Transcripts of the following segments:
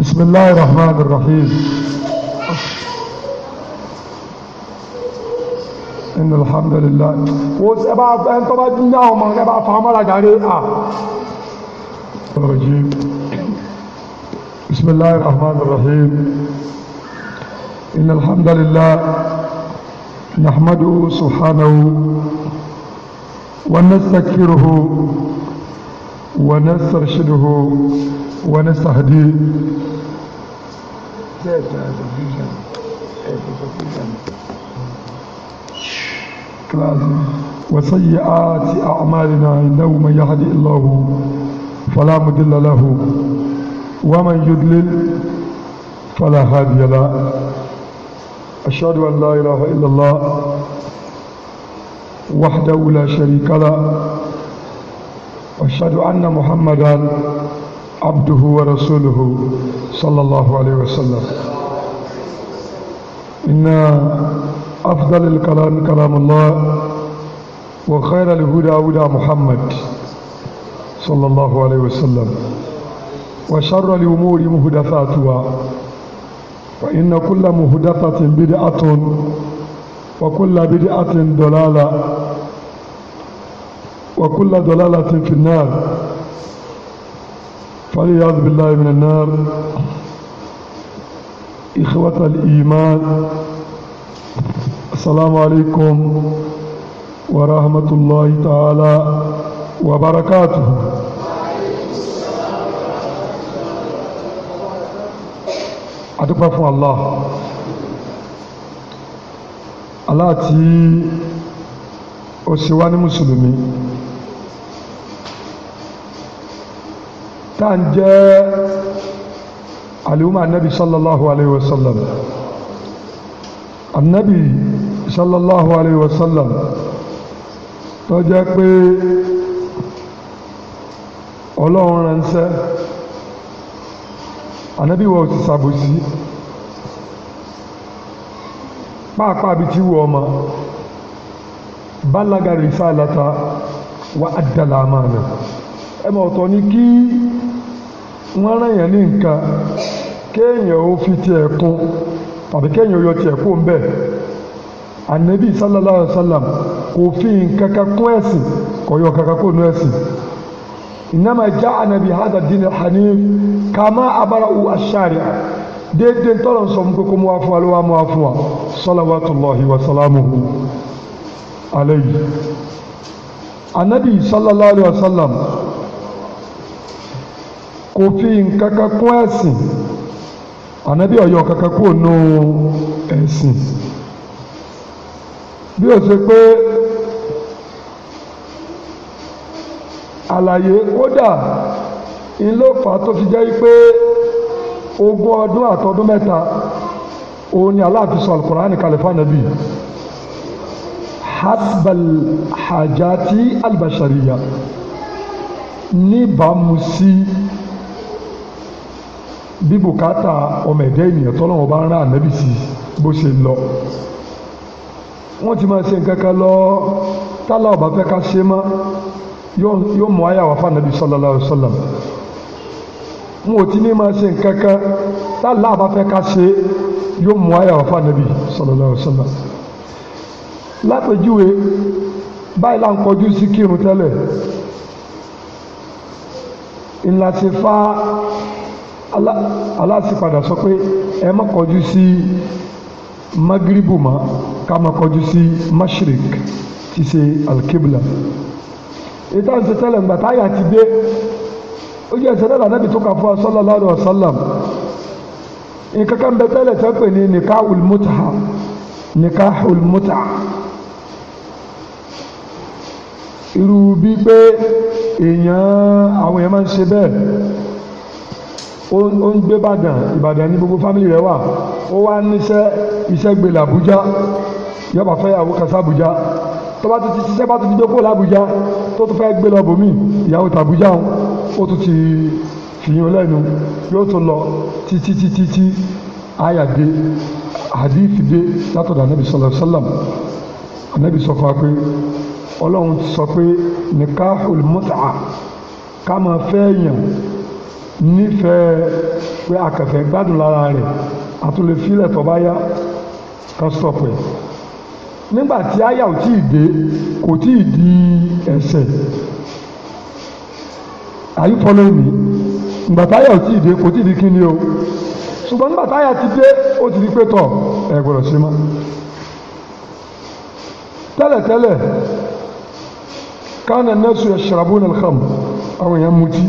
بسم الله الرحمن الرحيم ان الحمد لله وسبع بقى انت بقى دنياهم انا بقى فهمها جريئه رجيم بسم الله الرحمن الرحيم ان الحمد لله نحمده سبحانه ونستغفره ونسترشده ونستهديه وسيئات أعمالنا إنه من يهدي الله فلا مضل له ومن يضلل فلا هادي له أشهد أن لا إله إلا الله وحده لا شريك له أشهد أن محمدا عبده ورسوله صلى الله عليه وسلم إن أفضل الكلام كلام الله وخير الهدى هدى محمد صلى الله عليه وسلم وشر الأمور مهدثاتها وإن كل مهدثة بدعة وكل بدعة ضلالة وكل ضلالة في النار فالعياذ بالله من النار إخوة الإيمان السلام عليكم ورحمة الله تعالى وبركاته adúpẹ́ الله الله Allah tí ó ṣe wá tá à ń jẹ́ àlùmọ́ anabi sallallahu alayhi wa sallam anabi sallallahu alayhi wa sallam tó jẹ́ pé ọlọ́run ránṣẹ́ anabi wa ò ti ṣàbòsí pàápàá bi ti wù ọmọ balaga risalata wa adala amana ẹ mọ̀ ọ̀tọ̀ ni kí wọ́n rán yẹn ní nǹkan kéèyàn ó fi tiẹ̀ kún tàbí kéèyàn ó yọ tiẹ̀ kún bẹ́ẹ̀ ànábì sallallahu alayhi wa sallam kò fi nǹkan kan kún ẹ̀sìn kò yọ kankan kún nù ẹ̀sìn ìnáma já ànábì hada dín hanif kàmá abara u aṣáàrì déédéé tọ́lọ̀ sọ fún kókó mu wá fún wa ló wá mu wá fún wa salawatullahi wa salamuhu alayhi ànábì sallallahu alayhi wa kò fi nǹkan kan kún ẹ̀sìn ànábì ọ̀yọ́ kankan kúrò nù ẹ̀sìn bí ó ṣe pé àlàyé kódà ń ló fà á tó fi jẹ́ pé ogún ọdún àtọdún mẹ́ta òun ni aláàfin sọ alukurani kalifa nabi hasbal hajati albashariya níbàámu sí. Si bí bùkátà ọmọ ẹ̀dá ènìyàn tọ́lọ́wọ́n bá ń rán ànábì sí bó ṣe lọ wọ́n ti máa ṣe nǹkan kan lọ tálà ọ̀bá fẹ́ ká ṣe mọ́ yóò mú àyà wá fànàbí sallallahu alaihi wasallam wọn ò ti ní máa ṣe nǹkan kan tálà ọ̀bá fẹ́ ká ṣe yóò mú àyà fànàbí sallallahu alaihi lápèjúwe báyìí là ń kọjú sí kírun tẹ́lẹ̀ ńlá ti fa aláàsì padà sọ pé ẹ má kọjú sí magiribu mọ́ ká má kọjú sí mashrik ti ṣe alkibla ìta ń ṣe tẹ́lẹ̀ ńgbà táyà ti dé ó jẹ́ ẹsẹ̀ náà nàbì tó kà fún wa sallallahu alaihi nǹkan kan bẹ tẹ́lẹ̀ tẹ́ pè ní nikahul mut'a nikahul mut'a irú bíi pé èèyàn àwọn èèyàn máa ń ṣe bẹ́ẹ̀ ó ń gbé Ìbàdàn Ìbàdàn ní gbogbo fámìlì rẹ̀ wà ó wá níṣẹ́ iṣẹ́ gbé làbújá yọba fẹ́ yàwó kasa Àbújá tó bá ti ṣiṣẹ́ bá ti di gbogbo làbújá tó tún fẹ́ gbé lọ bòmí ìyàwó tàbújá ó tún ti fìyàn lẹ́nu yóò tún lọ títí títí tí àyàdé àdìfì dé látọ̀dọ̀ anabi sọlọ sọlọm anabi sọ fún wa pé ọlọ́run sọ pé nìka olùmọ́tà ká máa fẹ́ yàn nífẹ̀ẹ́ pé akẹ̀fẹ̀ gbádùn lára rẹ̀ àtúnlẹ̀ fílẹ̀ tó bá yá ká sọ̀pẹ̀ nígbà tí àyà ò tíì dé kò tíì di ẹ̀ṣẹ̀ àyífọ́lẹ́ mi ìgbà táyà ò tíì dé kò tíì di kíni o ṣùgbọ́n nígbà táyà ti dé ó ti di pé tọ̀ ẹ̀ gbọ́dọ̀ ṣe mọ́ tẹ́lẹ̀tẹ́lẹ̀ kánà nẹ́sù yashrabuna al-khamr àwọn èèyàn mutí.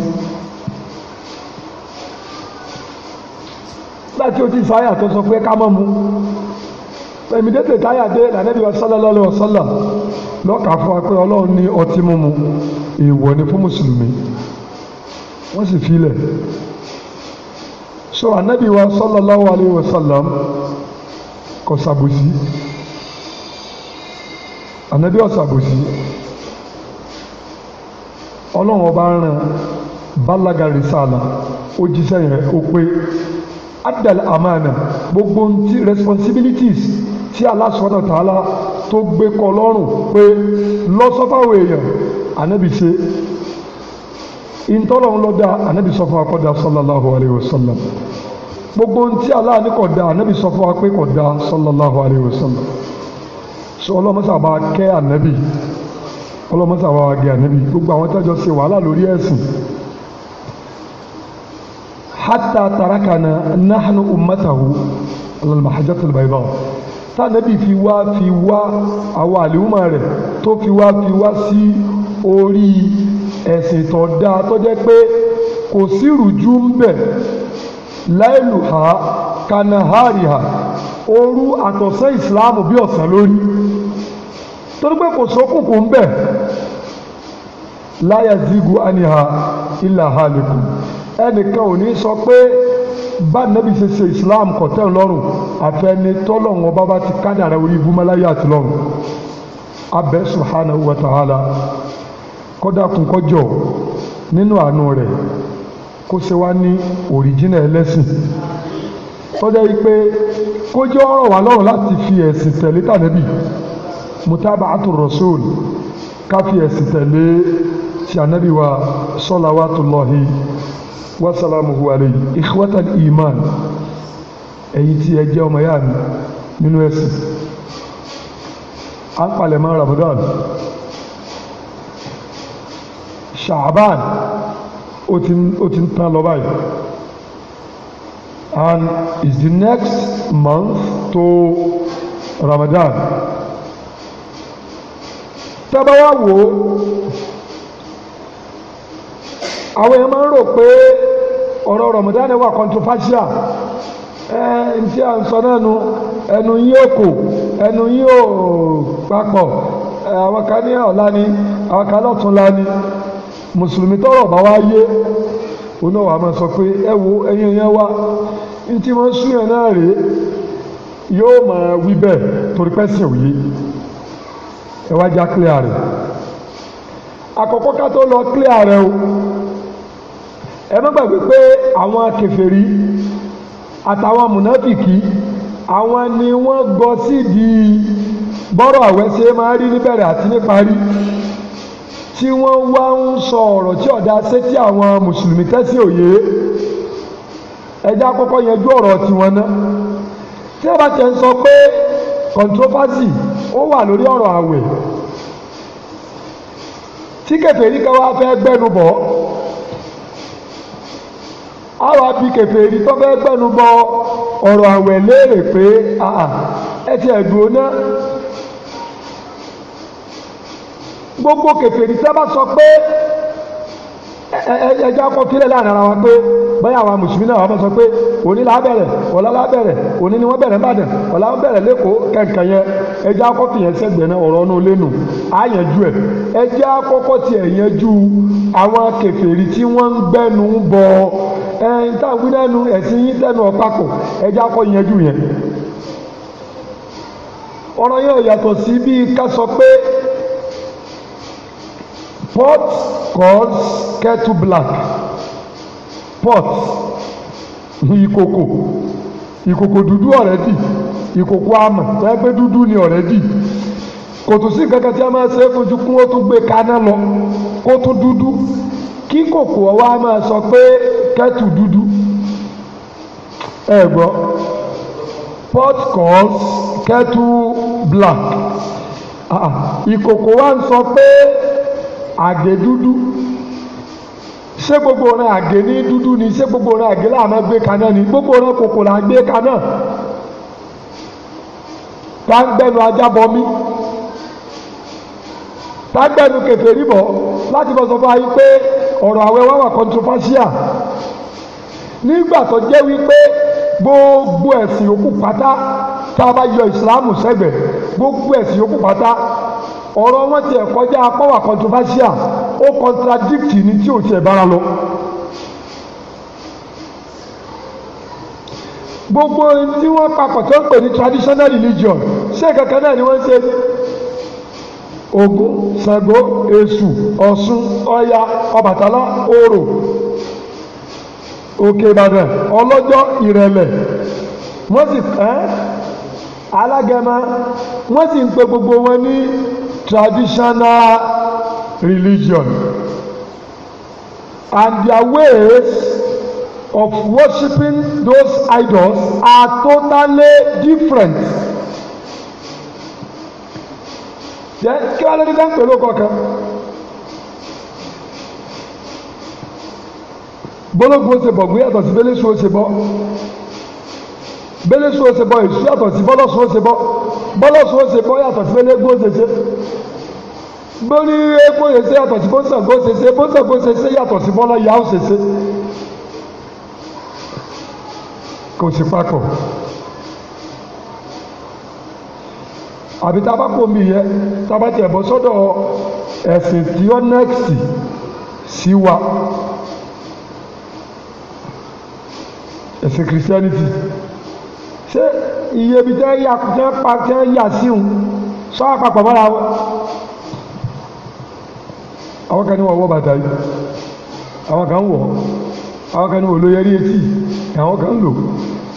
nígbà tí o ti sọ àyà tó sọ pé ká mọ́ mu immediately táyà dé lànàbí wa sallallahu alaihi wasallam lọ́ọ̀kà fún wa pé ọlọ́run ní ọtí mímu èèwọ̀ ni fún mùsùlùmí wọ́n sì filẹ̀ so anabi wa sallallahu alaihi wasallam kò sàbòsí anabi ò sàbòsí ọlọ́run ọba ń ràn balaga risala ó jíṣẹ́ yẹn ó pé adal amana gbogbo ti responsibilities tí Allah subhanahu wa ta'ala tó gbé kọ́ lọ́rùn pé lọ sọ fáwọn èèyàn ànábì ṣe ìtọ́lọ́run ló dá ànábì sọ fún akọ́dá sallallahu alayhi wa sallam gbogbo ti Allah ní kò dá ànábì sọ fún apẹ́ kò sallallahu alayhi wa sallam sọ ọlọ́mọsàbà kẹ́ ànábì ọlọ́mọsàbà gẹ̀ ànábì gbogbo àwọn tẹ́jọ́ ṣe wàhálà lórí ẹ̀sìn حتى تركنا نحن أمته alalmahajatul bayda tànàbí fi wá fi wá àwọn àlùmọ̀ rẹ̀ tó fi في fi wá sí orí ẹ̀sìn tó dáa tó jẹ́ pé kò sí rùjú ń bẹ̀ láìlù ha kanahari ha òru àtọ̀sẹ́ ìsìláàmù bí ọ̀sán lórí torí pé kò sókùnkùn ń bẹ̀ láyà zigu aniha ilà halikun ẹnìkan ò ní sọ pé bá ṣe ṣe islam kọ̀tẹ́ ńlọ́rùn àfẹni tọ́lọ́run ọba bá ti kádàrá orí ibùmọ́láyà àti lọ́rùn abẹ́ subhanahu wa ta'ala kọ́dàkùn kọjọ́ nínú àánú rẹ̀ kó ṣe wá ní òrìjínà ẹlẹ́sìn tọ́jà yìí pé kójú ọ̀rọ̀ wà lọ́rùn láti fi ẹ̀sìn tẹ̀lé tànẹ́bì mutaba atur rasul ká ẹ̀sìn tẹ̀lé ti ànẹ́bì wa salawatullahi wasalamu alayhi ikhwatal iman ẹ̀yin tí ẹ jẹ́ ọmọ yá mi nínú ẹ̀sìn à ń Ramadan Sha'ban ó ti ó ti ń lọ báyìí and is the next month to Ramadan tẹ́báyà wò ó àwọn èèyàn máa ń rò pé ọ̀rọ̀ Ramadan wà controversial ẹ n tí a ń sọ náà nu ẹnu yín ò kò ẹnu yín ò papọ̀ àwọn kan ní ọ̀la ni àwọn kan lọ́tún la ni mùsùlùmí tọrọ bá wá yé oná wàá máa sọ pé ẹ wo ẹyin yẹn wá n tí wọ́n sún yẹn náà rèé yóò máa wí bẹ́ẹ̀ torí pẹ́ sìn òye ẹ wá já clear rẹ̀ àkọ́kọ́ ká tó lọ clear rẹ̀ o ẹ má gbàgbé pé àwọn kèfèrí àtàwọn mùnáfìkì àwọn ni wọ́n gbọ́ sídìí bọ́rọ̀ àwẹ̀ ṣe máa rí níbẹ̀rẹ̀ àti níparí tí wọ́n wá ń sọ ọ̀rọ̀ tí ọ̀dà ṣe tí àwọn mùsùlùmí tẹ́sí òye ẹja kọ́kọ́ yanjú ọ̀rọ̀ tiwọn ná tí a bá tẹ̀ ń sọ pé controversy ó wà lórí ọ̀rọ̀ àwẹ̀ tí kèfèrí kan wá fẹ́ gbẹ́nu àwọn àbí kèfèrí tó fẹ́ gbẹ́nu bọ ọ̀rọ̀ àwẹ̀ léèrè pé ẹ ti náà gbogbo kèfèrí sábà sọ pé ẹjọ́ akọ kílẹ̀ láàrin ara wa pé báyà àwọn mùsùlùmí náà wà fẹ́ sọ pé òní là á bẹ̀rẹ̀ ọ̀la là á bẹ̀rẹ̀ òní ni wọ́n bẹ̀rẹ̀ nìbàdàn ọ̀la ń bẹ̀rẹ̀ lẹ́kọ̀ọ́ kẹ̀kẹ́ yẹn ẹjọ́ akọ fìyẹn sẹ́gbẹ̀ẹ́ náà ọ̀rọ̀ ọ̀nà olénu á yanjú ẹ̀ ẹjọ́ akọ́kọ́ tiẹ̀ yanjú àwọn kèfèrí tí wọ́n ń gbẹ́nu bọ ẹ̀ẹ́n táwọn nínú ẹ̀sìn yín tẹ́nu ọ̀pákò ẹjọ́ akọ́ yanjú Pot called kettle black. Pot ìkòkò ìkòkò dúdú ọ̀rẹ́dì ìkòkò amọ̀ tẹ́gbẹ́ dúdú ni ọ̀rẹ́dì kò tún sí kankan tí a máa ṣe é fojú kún ó tún gbé kaná lọ kó tún dúdú kí kòkò ọwọ́ a máa sọ pé kẹ́tù dúdú ẹ gbọ́ pot calls kettle black ah, ìkòkò wa ń sọ pé àgé dúdú ṣé gbogbo ọ̀ràn àgé ní dúdú ni ṣé gbogbo ọ̀ràn àgé láàmú gbé kaná ni gbogbo ọ̀ràn kòkò là gbé kaná tá ń gbẹnu ajá bọ mí tá ń gbẹnu kèfèrí bọ láti bọ sọ fún ayé pé ọ̀rọ̀ àwẹ̀ wá wà controversial nígbà tó jẹ́ wípé gbogbo ẹ̀sìn òkú pátá tá a bá yọ ìsìlámù sẹ́gbẹ̀ẹ́ gbogbo ẹ̀sìn òkú pátá ọ̀rọ̀ wọn tiẹ̀ kọjá apáwà controversial ó contradict ní tí ò tiẹ̀ bára lọ. gbogbo tí wọ́n papọ̀ tó ń pè ní traditional religion ṣé kankan náà ni wọ́n ṣe Ògún Ṣàngó Èṣù Ọ̀ṣun Ọya Ọbàtálá Orò Òkè Ìbàdàn Ọlọ́jọ́ Ìrẹ̀lẹ̀ wọ́n sì ẹ́ alágẹmọ wọ́n sì ń pe gbogbo wọn ní traditional religion and their ways of worshiping those idols are totally different. Jẹ́ kí wọ́n lórí dáńpé ló kọ̀ọ̀kan. Bólógun ó ṣe bọ̀ gbé yàtọ̀ sí Bélésù ó ṣe bọ́. Bélésù ó ṣe bọ́ Èṣù yàtọ̀ sí Bọ́lọ́sù ó ṣe bọ́ bọ́lọ́fún ó ṣe bọ́ yàtọ̀ sí elégbó ó ṣe ṣe bó ní egbó ṣe ṣe yàtọ̀ sí bó Ṣàngó ṣe ṣe bó Ṣàngó ṣe ṣe yàtọ̀ sí bọ́lọ́ yà ó ṣe kò sí papọ̀ àbí tá a bá pò mí yẹ tá a bá tiẹ̀ bọ́ sọ́dọ̀ ẹ̀sìn tí ó nẹ́ẹ̀sì sí wa ẹ̀sìn Christianity ṣé iye ibi tẹ́ yà tẹ́ pa tẹ́ yà síhun sọ àpapọ̀ mọ́ra wọn. àwọn kan ní wọ́n wọ́ bàtà yìí àwọn kan wọ̀ àwọn kan ní wọ́n lóye rí etí àwọn kan lò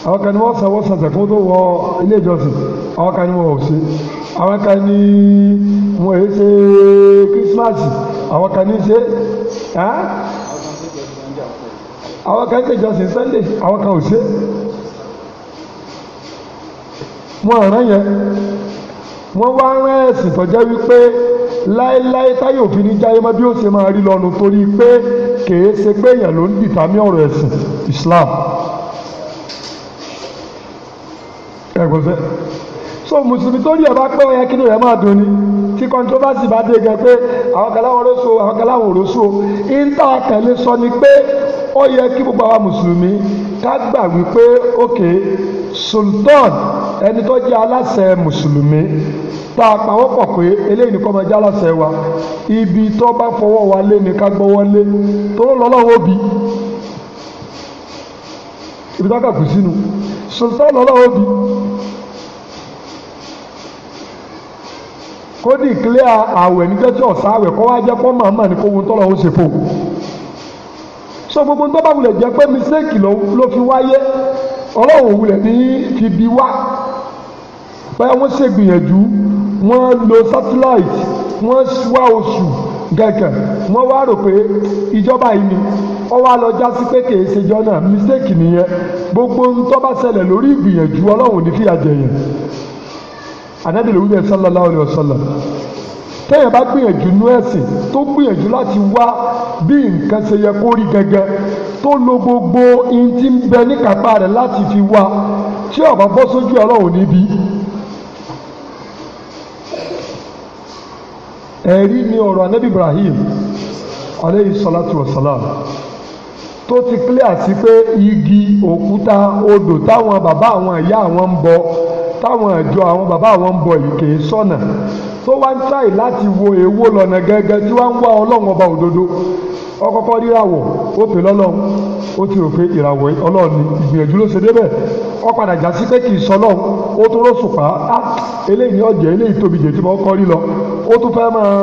àwọn kan ní wọ́n sanwó sàṣẹ̀ fún tó wọ ilé ìjọsìn àwọn kan ní wọ́n ò ṣe àwọn kan ní wọ́n èé ṣe kírísímàsì àwọn kan ní ṣe àwọn kan ní ṣe ìjọsìn Sunday àwọn kan ò ṣe wọn rán yẹn wọ́n wá rán ẹ̀sìn tó jẹ́ wípé láéláé táyé òfin ní jáyé mọ́ bí ó ṣe máa rí lọ́nu torí pé kèé ṣe pé èèyàn ló ń dìtàmí ọ̀rọ̀ ẹ̀sìn Islam. ẹ̀gbọ́n fẹ́ so mùsùlùmí tó rí ẹ̀ bá pẹ́ ọ̀yẹ́ kí ni rẹ̀ máa dùn ni tí controversy bá dé gẹ pé àwọn kan láwọn oróso àwọn kan láwọn oróso ìńtà tẹ̀lé sọ ni pé ó yẹ kí gbogbo àwa mùsùlùmí ká gbà wípé okay sultan ẹni tó jẹ́ aláṣẹ mùsùlùmí tá a pàwọ́pọ̀ pé eléyìí nìkan máa jẹ́ aláṣẹ wa ibi tó bá fọwọ́ wa lé ni ká gbọ́wọ́ lé tó lọ́lọ́wọ́ bí ibi tó kàkù sínú sultan lọ́lọ́wọ́ bí kó dìklẹ́ àwẹ̀ níjọ́ tí ọ̀sán àwẹ̀ kọ́ wá jẹ́ kó màmá ní kó wọn tọ́lọ́ ó ṣe fò so gbogbo ń tọ́ bá wulẹ̀ jẹ́ pé mistake ló fi wáyé ọlọ́run òwúlẹ̀ ní fi bi wá báyà wọ́n ṣègbìyànjú wọ́n lo satellite wọ́n wá oṣù gẹ̀gẹ̀ wọ́n wá rò pé ìjọba yìí ni wọ́n wá lọ já sí pé kì í ṣe jọ náà mistake nìyẹn gbogbo ntọ́ bá ṣẹlẹ̀ lórí ìgbìyànjú ọlọ́run ní fìyà jẹ yẹn ànádìrẹ wíwẹ sallallahu alaihi wasallam téèyàn bá gbìyànjú nú ẹ̀sìn tó gbìyànjú láti wá bí nǹkan ṣe yẹ kó rí gẹ́gẹ́ tó lo gbogbo ihun tí ń bẹ níkàpá rẹ̀ láti fi wá tí ó bá bọ́ sójú ọlọ́run níbi ẹ̀rí ni ọ̀rọ̀ anabi ibrahim aleyhi salatu wa salam tó ti clear sí pé igi òkúta odò táwọn bàbá àwọn ìyá àwọn ń bọ táwọn ìjọ àwọn bàbá àwọn ń bọ yìí kì tó wá ń láti wo èwo lọ gẹ́gẹ́ tí wọ́n ń wá ọlọ́run ọba òdodo ọkọ̀kọ́ ríràwọ̀ ó pè lọ́lọ́run ó ti rò pé ìràwọ̀ ọlọ́run ni ìgbìyànjú ló ṣe débẹ̀ ó padà sí pé kì í ó tún á ah, eléyìí ọ̀jẹ̀ eléyìí tóbi jẹ̀ tí kọ́ rí lọ ó tún fẹ́ máa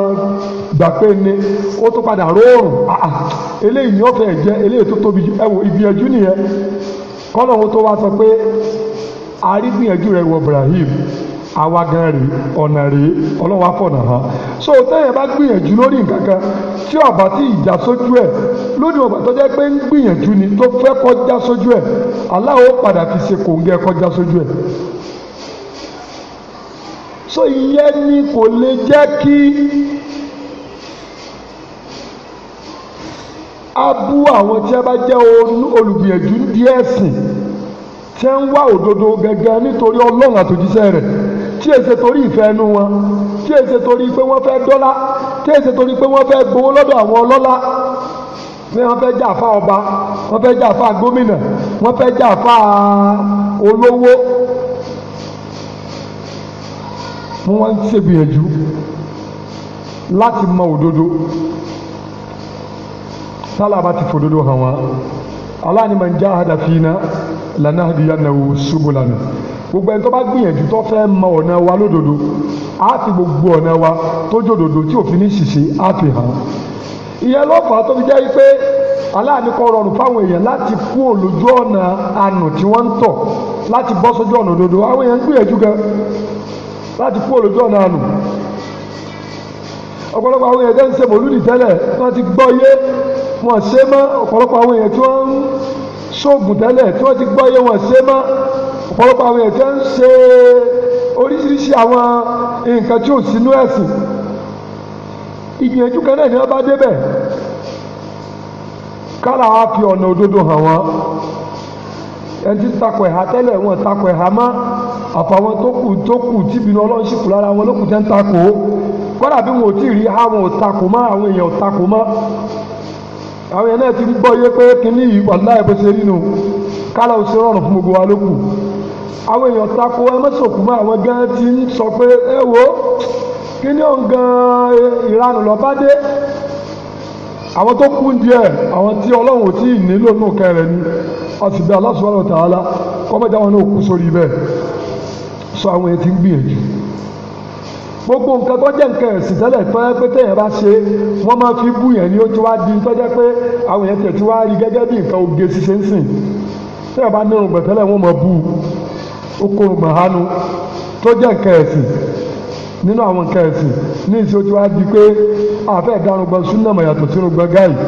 gbà pé ó tún padà róòrùn ah, ah, eléyìí jẹ́ eléyìí tó tóbi ìgbìyànjú nìyẹn tó wá sọ pé rẹ̀ wọ Ibrahim àwa gan rèé ọ̀nà rèé ọlọ́wà fọ̀nà hàn so tẹ́yẹ̀ bá gbìyànjú lórí nkankan, kan tí ọ̀bà tí ìjà sójú ẹ̀ lónìí ọ̀bà tó jẹ́ pé ń gbìyànjú ni tó fẹ́ kọjá sójú ẹ̀ Allah padà fi ṣe kòǹgẹ́ kọjá sójú ẹ̀ so ìyẹn ni kò lè jẹ́ kí a àwọn tí a bá jẹ́ olùgbìyànjú díẹ̀ sìn tí a ń wá òdodo gẹ́gẹ́ nítorí ọlọ́run àtòjíṣẹ́ rẹ̀ tí èsè torí ìfẹ́ inú wọn tí èsè torí pé wọ́n fẹ́ dọ́là tí èsè torí pé wọ́n fẹ́ gbowó lọ́dọ̀ àwọn ọlọ́lá pé wọ́n fẹ́ jà fá ọba wọ́n fẹ́ jà fá gómìnà wọ́n fẹ́ jà fá olówó wọ́n wá ń ṣègbìyànjú láti mọ òdodo sálábà ti fòdodo hàn wá aláàánú máa ń já àdàfínà lànà àdìyànnà subulana gbogbo ẹni tó bá gbìyànjú tó fẹ́ mọ ọ̀nà wa lódodo á fi gbogbo ọ̀nà wa tó jòdòdò tí òfin ní ṣìṣe á fi hàn ìyẹn ló fà á tó fi jẹ́ pé aláàánú kọ́ rọrùn fáwọn èèyàn láti kú òlójú ọ̀nà ànù tí wọ́n ń tọ̀ láti bọ́ sójú ọ̀nà òdodo àwọn èèyàn ń gbìyànjú gan láti kú òlójú ọ̀nà ànù ọ̀pọ̀lọpọ̀ àwọn èèyàn tẹ́ ń ṣe mòlúdì tẹ́lẹ̀ wọ́n ti gbọ́ yé wọ́n ṣe mọ́ ọ̀pọ̀lọpọ̀ àwọn èèyàn tí wọ́n ń ṣoògùn tẹ́lẹ̀ tí wọ́n ti gbọ́ yé wọ́n ṣe mọ́ ọ̀pọ̀lọpọ̀ àwọn èèyàn ń ṣe oríṣiríṣi àwọn nǹkan tí ò sínú ẹ̀sìn ìgbìyànjú kan náà ni wọ́n bá débẹ̀ kára wa fi ọ̀nà òdodo hàn wọ́n ẹni tí takò ẹ̀há tẹ́lẹ̀ wọn takò ẹ̀há mọ́ àfàwọn tó kù tó kù tìbínú ọlọ́run sì kù lára wọn lókùn tẹ́ ń takò ó kọ́dà bí wọn ò tí ì rí àwọn ò takò mọ́ àwọn èèyàn ò takò mọ́ àwọn èèyàn náà ti gbọ́ yé pé kínní yìí wàláhì bó ṣe rí nu kálá ò ṣe rọrùn fún gbogbo wa lókù àwọn èèyàn takò ẹ mọ́sòkù mọ́ àwọn gan ti ń sọ pé ẹ wo kí ni òun gan ìranù lọ́ba dé àwọn tó kú díẹ̀ àwọn tí ọlọ́run ò tí ì nílò nù kẹrẹ ni a sì bẹ Allah subhanahu wa ta'ala kọ́mọ́jà wọn náà kú sórí bẹ́ẹ̀ sọ àwọn yẹn ti ń gbìyànjú gbogbo nǹkan tó jẹ́ nǹkan ẹ̀sìn tẹ́lẹ̀ tó yẹ pé téèyàn bá ṣe wọ́n máa fi bú yẹn ni ó ti wá di tó jẹ́ pé àwọn yẹn tẹ̀ ti wá rí gẹ́gẹ́ bí nǹkan oge ṣiṣẹ́ ń sìn téèyàn bá nírun gbẹ̀tẹ́lẹ̀ wọ́n máa bú u oko màhánu tó jẹ́ nǹkan ẹ̀sìn nínú àwọn nǹkan ẹ̀sìn ní ìṣe ojú wa di pé àfẹ́ ìdárúgbọ́n súnàmù yàtọ̀ sínú gbọ̀ngàn yìí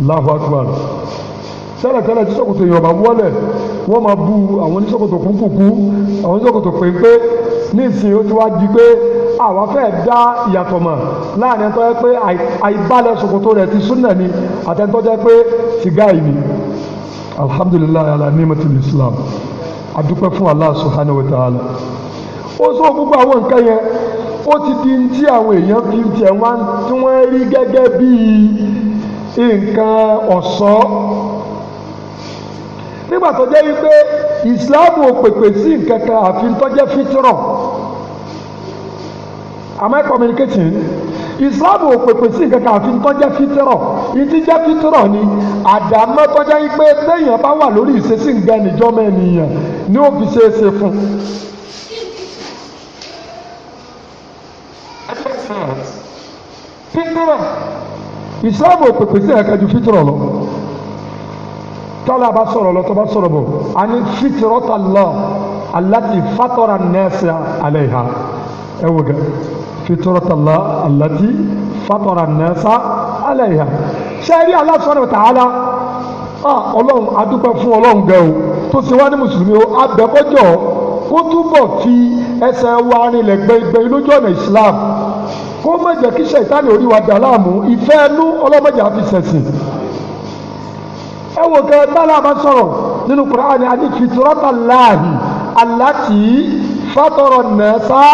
Allahu Akbar tẹ́lẹ̀tẹ́lẹ̀ tí ṣòkòtò Yorùbá wọlé wọ́n máa bu àwọn oníṣòkòtò kúkúkú àwọn oníṣòkòtò péńpé ní ìsìn ó ti wá di pé àwọn fẹ́ dá ìyàtọ̀ mọ̀ láàrin ẹ̀tọ́ pé àìbalẹ̀ ṣòkòtò rẹ̀ ti súnà ni àtẹ̀ntọ́ jẹ́ pé sìgá yìí ni alhamdulilayi ala ni'matil islam. àdúpẹ́ fún Allah subhanahu wa ta'ala ó sọ gbogbo àwọn nǹkan yẹn ó ti di tí àwọn èèyàn fi tiẹ̀ tí wọ́n rí gẹ́gẹ́ bíi nǹkan ọ̀ṣọ́ nígbà tó jẹ́ wípé ìsìláàmù ò pèpè sí nǹkan kan àfi tó jẹ́ am ìsìláàmù ò pèpè sí nǹkan kan àfin tọ́jẹ́ fítírọ̀ ìdí jẹ́ fítírọ̀ ni àdámọ́ tọ́jẹ́ yí pé téèyàn bá wà lórí ìṣesí nǹkan ìjọba ènìyàn ni ó fi ṣeé ṣe fún. fítírọ̀ ìsìláàmù ò pèpè sí nǹkan ju fítírọ̀ lọ tọ́lá bá sọ̀rọ̀ lọ tọ́ bá sọ̀rọ̀ bọ̀ àní fítírọ̀ tà lọ aláti fátọ́ra nẹ́ẹ̀sì àlẹ́ ìhà ẹ̀wò gẹ̀ẹ́ fitọ́rọ́tàlá àlàtí fatọ́ra nẹ́sà aláìhà ṣẹ́ẹ́rí Allah subhanahu wa ta'ala ah, ọlọ́run adúpẹ́ fún ọlọ́run gẹ̀ o tó ṣe wá ní mùsùlùmí o abẹ́kọ́jọ́ kó túbọ̀ fi ẹsẹ̀ wa rinlẹ̀ gbẹgbẹ lójú ọ̀nà Islam kó má jẹ́ kí ṣẹ̀tánì orí wa dà láàmú ìfẹ́ ẹnu ọlọ́mọdé àfi ṣẹ̀sìn ẹ wò kẹ bala ma sọ̀rọ̀ nínú Kùránì àti fitrọ́tàláhì aláti fatọ́rọ̀ nẹ́sà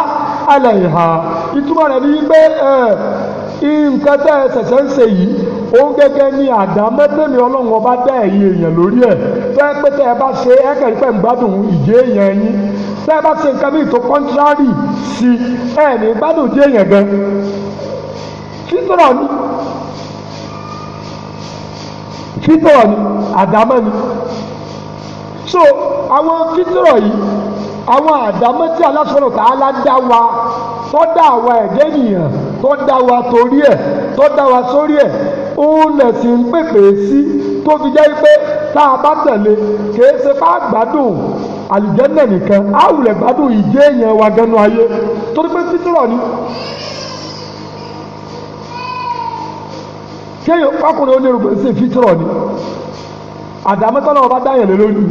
aláìhà ìtumọ̀ rẹ̀ ni pé nǹkan tẹ́ ẹ ṣẹ̀ṣẹ̀ ń ṣe yìí òun gẹ́gẹ́ ní àdámẹ́tẹ́mi ọlọ́run ọba dá ẹ̀yìn èèyàn lórí ẹ̀ tẹ́ pé tẹ́ ẹ bá ṣe ẹ̀kẹ́rì pẹ̀ ń gbádùn ìjẹ́ èèyàn ẹ̀yìn tẹ́ ẹ bá ṣe nǹkan bí ètò kọ́ńtírárì sí ẹ̀ ní gbádùn ìjẹ́ èèyàn gan fítọ̀rọ̀ ni fítọ̀rọ̀ ni àdámẹ́ ni so àwọn fítọ̀rọ̀ yìí àwọn àdámọ́ tí Allah subhanahu wa ta'ala dá wa tó dá wa ẹ̀dẹ́ nìyàn tó dá wa torí ẹ̀ tó dá wa sórí ẹ̀ òun lẹ̀sìn ń pèpè sí tó fi jẹ́ pé tá a bá tẹ̀lé kìí ṣe bá gbádùn àlùjẹ́nà nìkan á wùlẹ̀ gbádùn ìjẹ́ èèyàn wa gẹnu ayé torí pé fítírọ̀ ni. kéèyàn ọkùnrin onírúgbìn sí fítírọ̀ ni àdámọ́tọ́lọ́wọ́ bá dáyàn lé lórí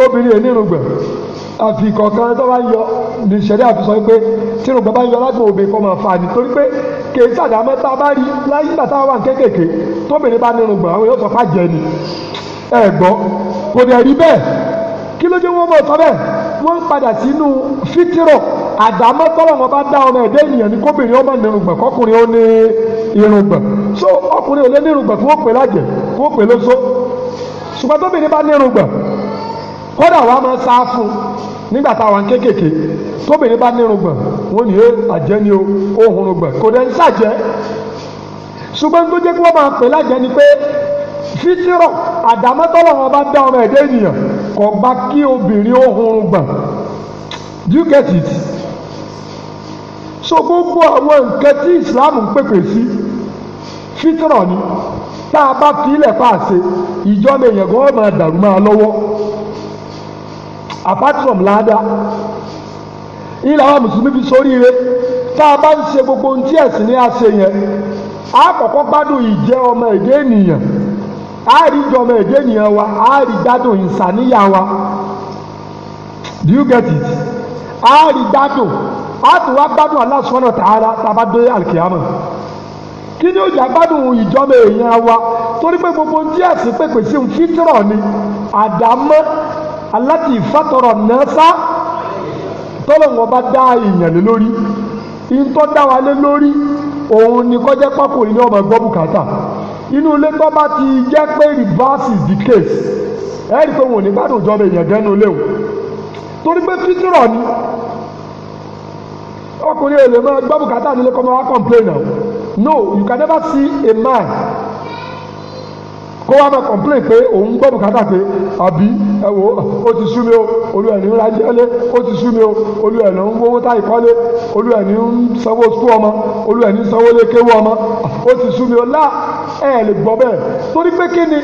obìnrin onírùngbọ̀n àfi kọ̀ọ̀kan tó bá yọ ní ìṣẹ̀lẹ̀ àfisọ pé tí irùngbọ̀n bá yọ lágbọ̀n obìnrin kọ́ máa fà ní torí pé kèé sàdámọ́ tá a bá rí láyé ìgbà táwọn wà ní kékèké tóbìnrin bá ní irùngbọ̀n àwọn yóò sọ fàjẹ́ ni ẹ gbọ́ kò dẹ̀ rí bẹ́ẹ̀ kí ló dé wọ́n mọ̀ sọ bẹ́ẹ̀ wọ́n ń padà sínú fítírọ̀ àdámọ́ tọ́lọ̀ wọn bá dá ọmọ ẹ̀dẹ́ ènìyàn ní kóbìnrin ọmọ nírùngbọ̀n kọkùnrin ó ní irùngbọ̀n so ọkùnrin ò lé nírùngbọ̀n kí wọ́n pè lájẹ̀ kí wọ́n kódà wàá máa sá fún nígbà táwọn kéékèèké tóbìnrin bá nírun gbọ̀n wọ́n ní àjẹ́ ni ó hunrun gbọ̀n kò dẹ̀ ń sàjẹ́ ṣùgbọ́n tó jẹ́ kí wọ́n máa pè lájẹ́ ni pé fítírọ̀ àdámọ́tọ́lọ́ wọn bá dá ọmọ ẹ̀dẹ́ ènìyàn kò gbà kí obìnrin ó hunrun gbọ̀n do you get it? so gbogbo àwọn nǹkan tí Islam ń pèpè sí fítírọ̀ ni tá a bá fi ilẹ̀ pàṣẹ ìjọba èèyàn gan máa dàrú máa lọ́wọ́ apart from láàdá yìí làwọn mùsùlùmí fi ṣoríire tá a bá ń ṣe gbogbo ohun tí ẹ̀sìn ní àṣẹ yẹn a kọ́kọ́ gbádùn ìjẹ́ ọmọ èdè ènìyàn a rí jọ ọmọ èdè ènìyàn wa a ìsàníyà wa do you get it a rí gbádùn a tún wá gbádùn Allah subhanahu wa ta'ala tá a bá dé àlùkìyàmọ̀ kí ni ó jà gbádùn ìjọba èèyàn wa torí pé gbogbo ohun tí ẹ̀sìn pèpè sí fítírọ̀ ni àdámọ́ aláti ìfàtọ̀rọ̀ náà sá tọ́lọ̀wọ́n bá dá èèyàn lé lórí ìtọ́ dá wa lé lórí òun ni kọjá pákòrin ní ọmọ ẹgbọ́ bùkátà inú ilé tó bá ti jẹ́ pé reverse is the case ẹ rí i pé wọn ò ní gbádùn ìjọba èèyàn dẹ́nu léwu torí pé fítírọ̀ ni ọkùnrin èlé máa bùkátà nílé kọ́ máa wá complain no you can never see a man kó wá máa complain pé òun gbọ́ bùkátà pé àbí ẹ wo ó ti sú mi o olú ẹ̀ ní ń rajẹ́lé ó ti sú mi o olú ẹ̀ ní ń wówó táyì kọ́lé olú ẹ̀ ní ń sanwó sukú ọmọ olú ẹ̀ ní ń sanwó lé kéwú ọmọ ó ti sú mi o lá ẹ̀ lè gbọ́ bẹ́ẹ̀ torí pé kí ni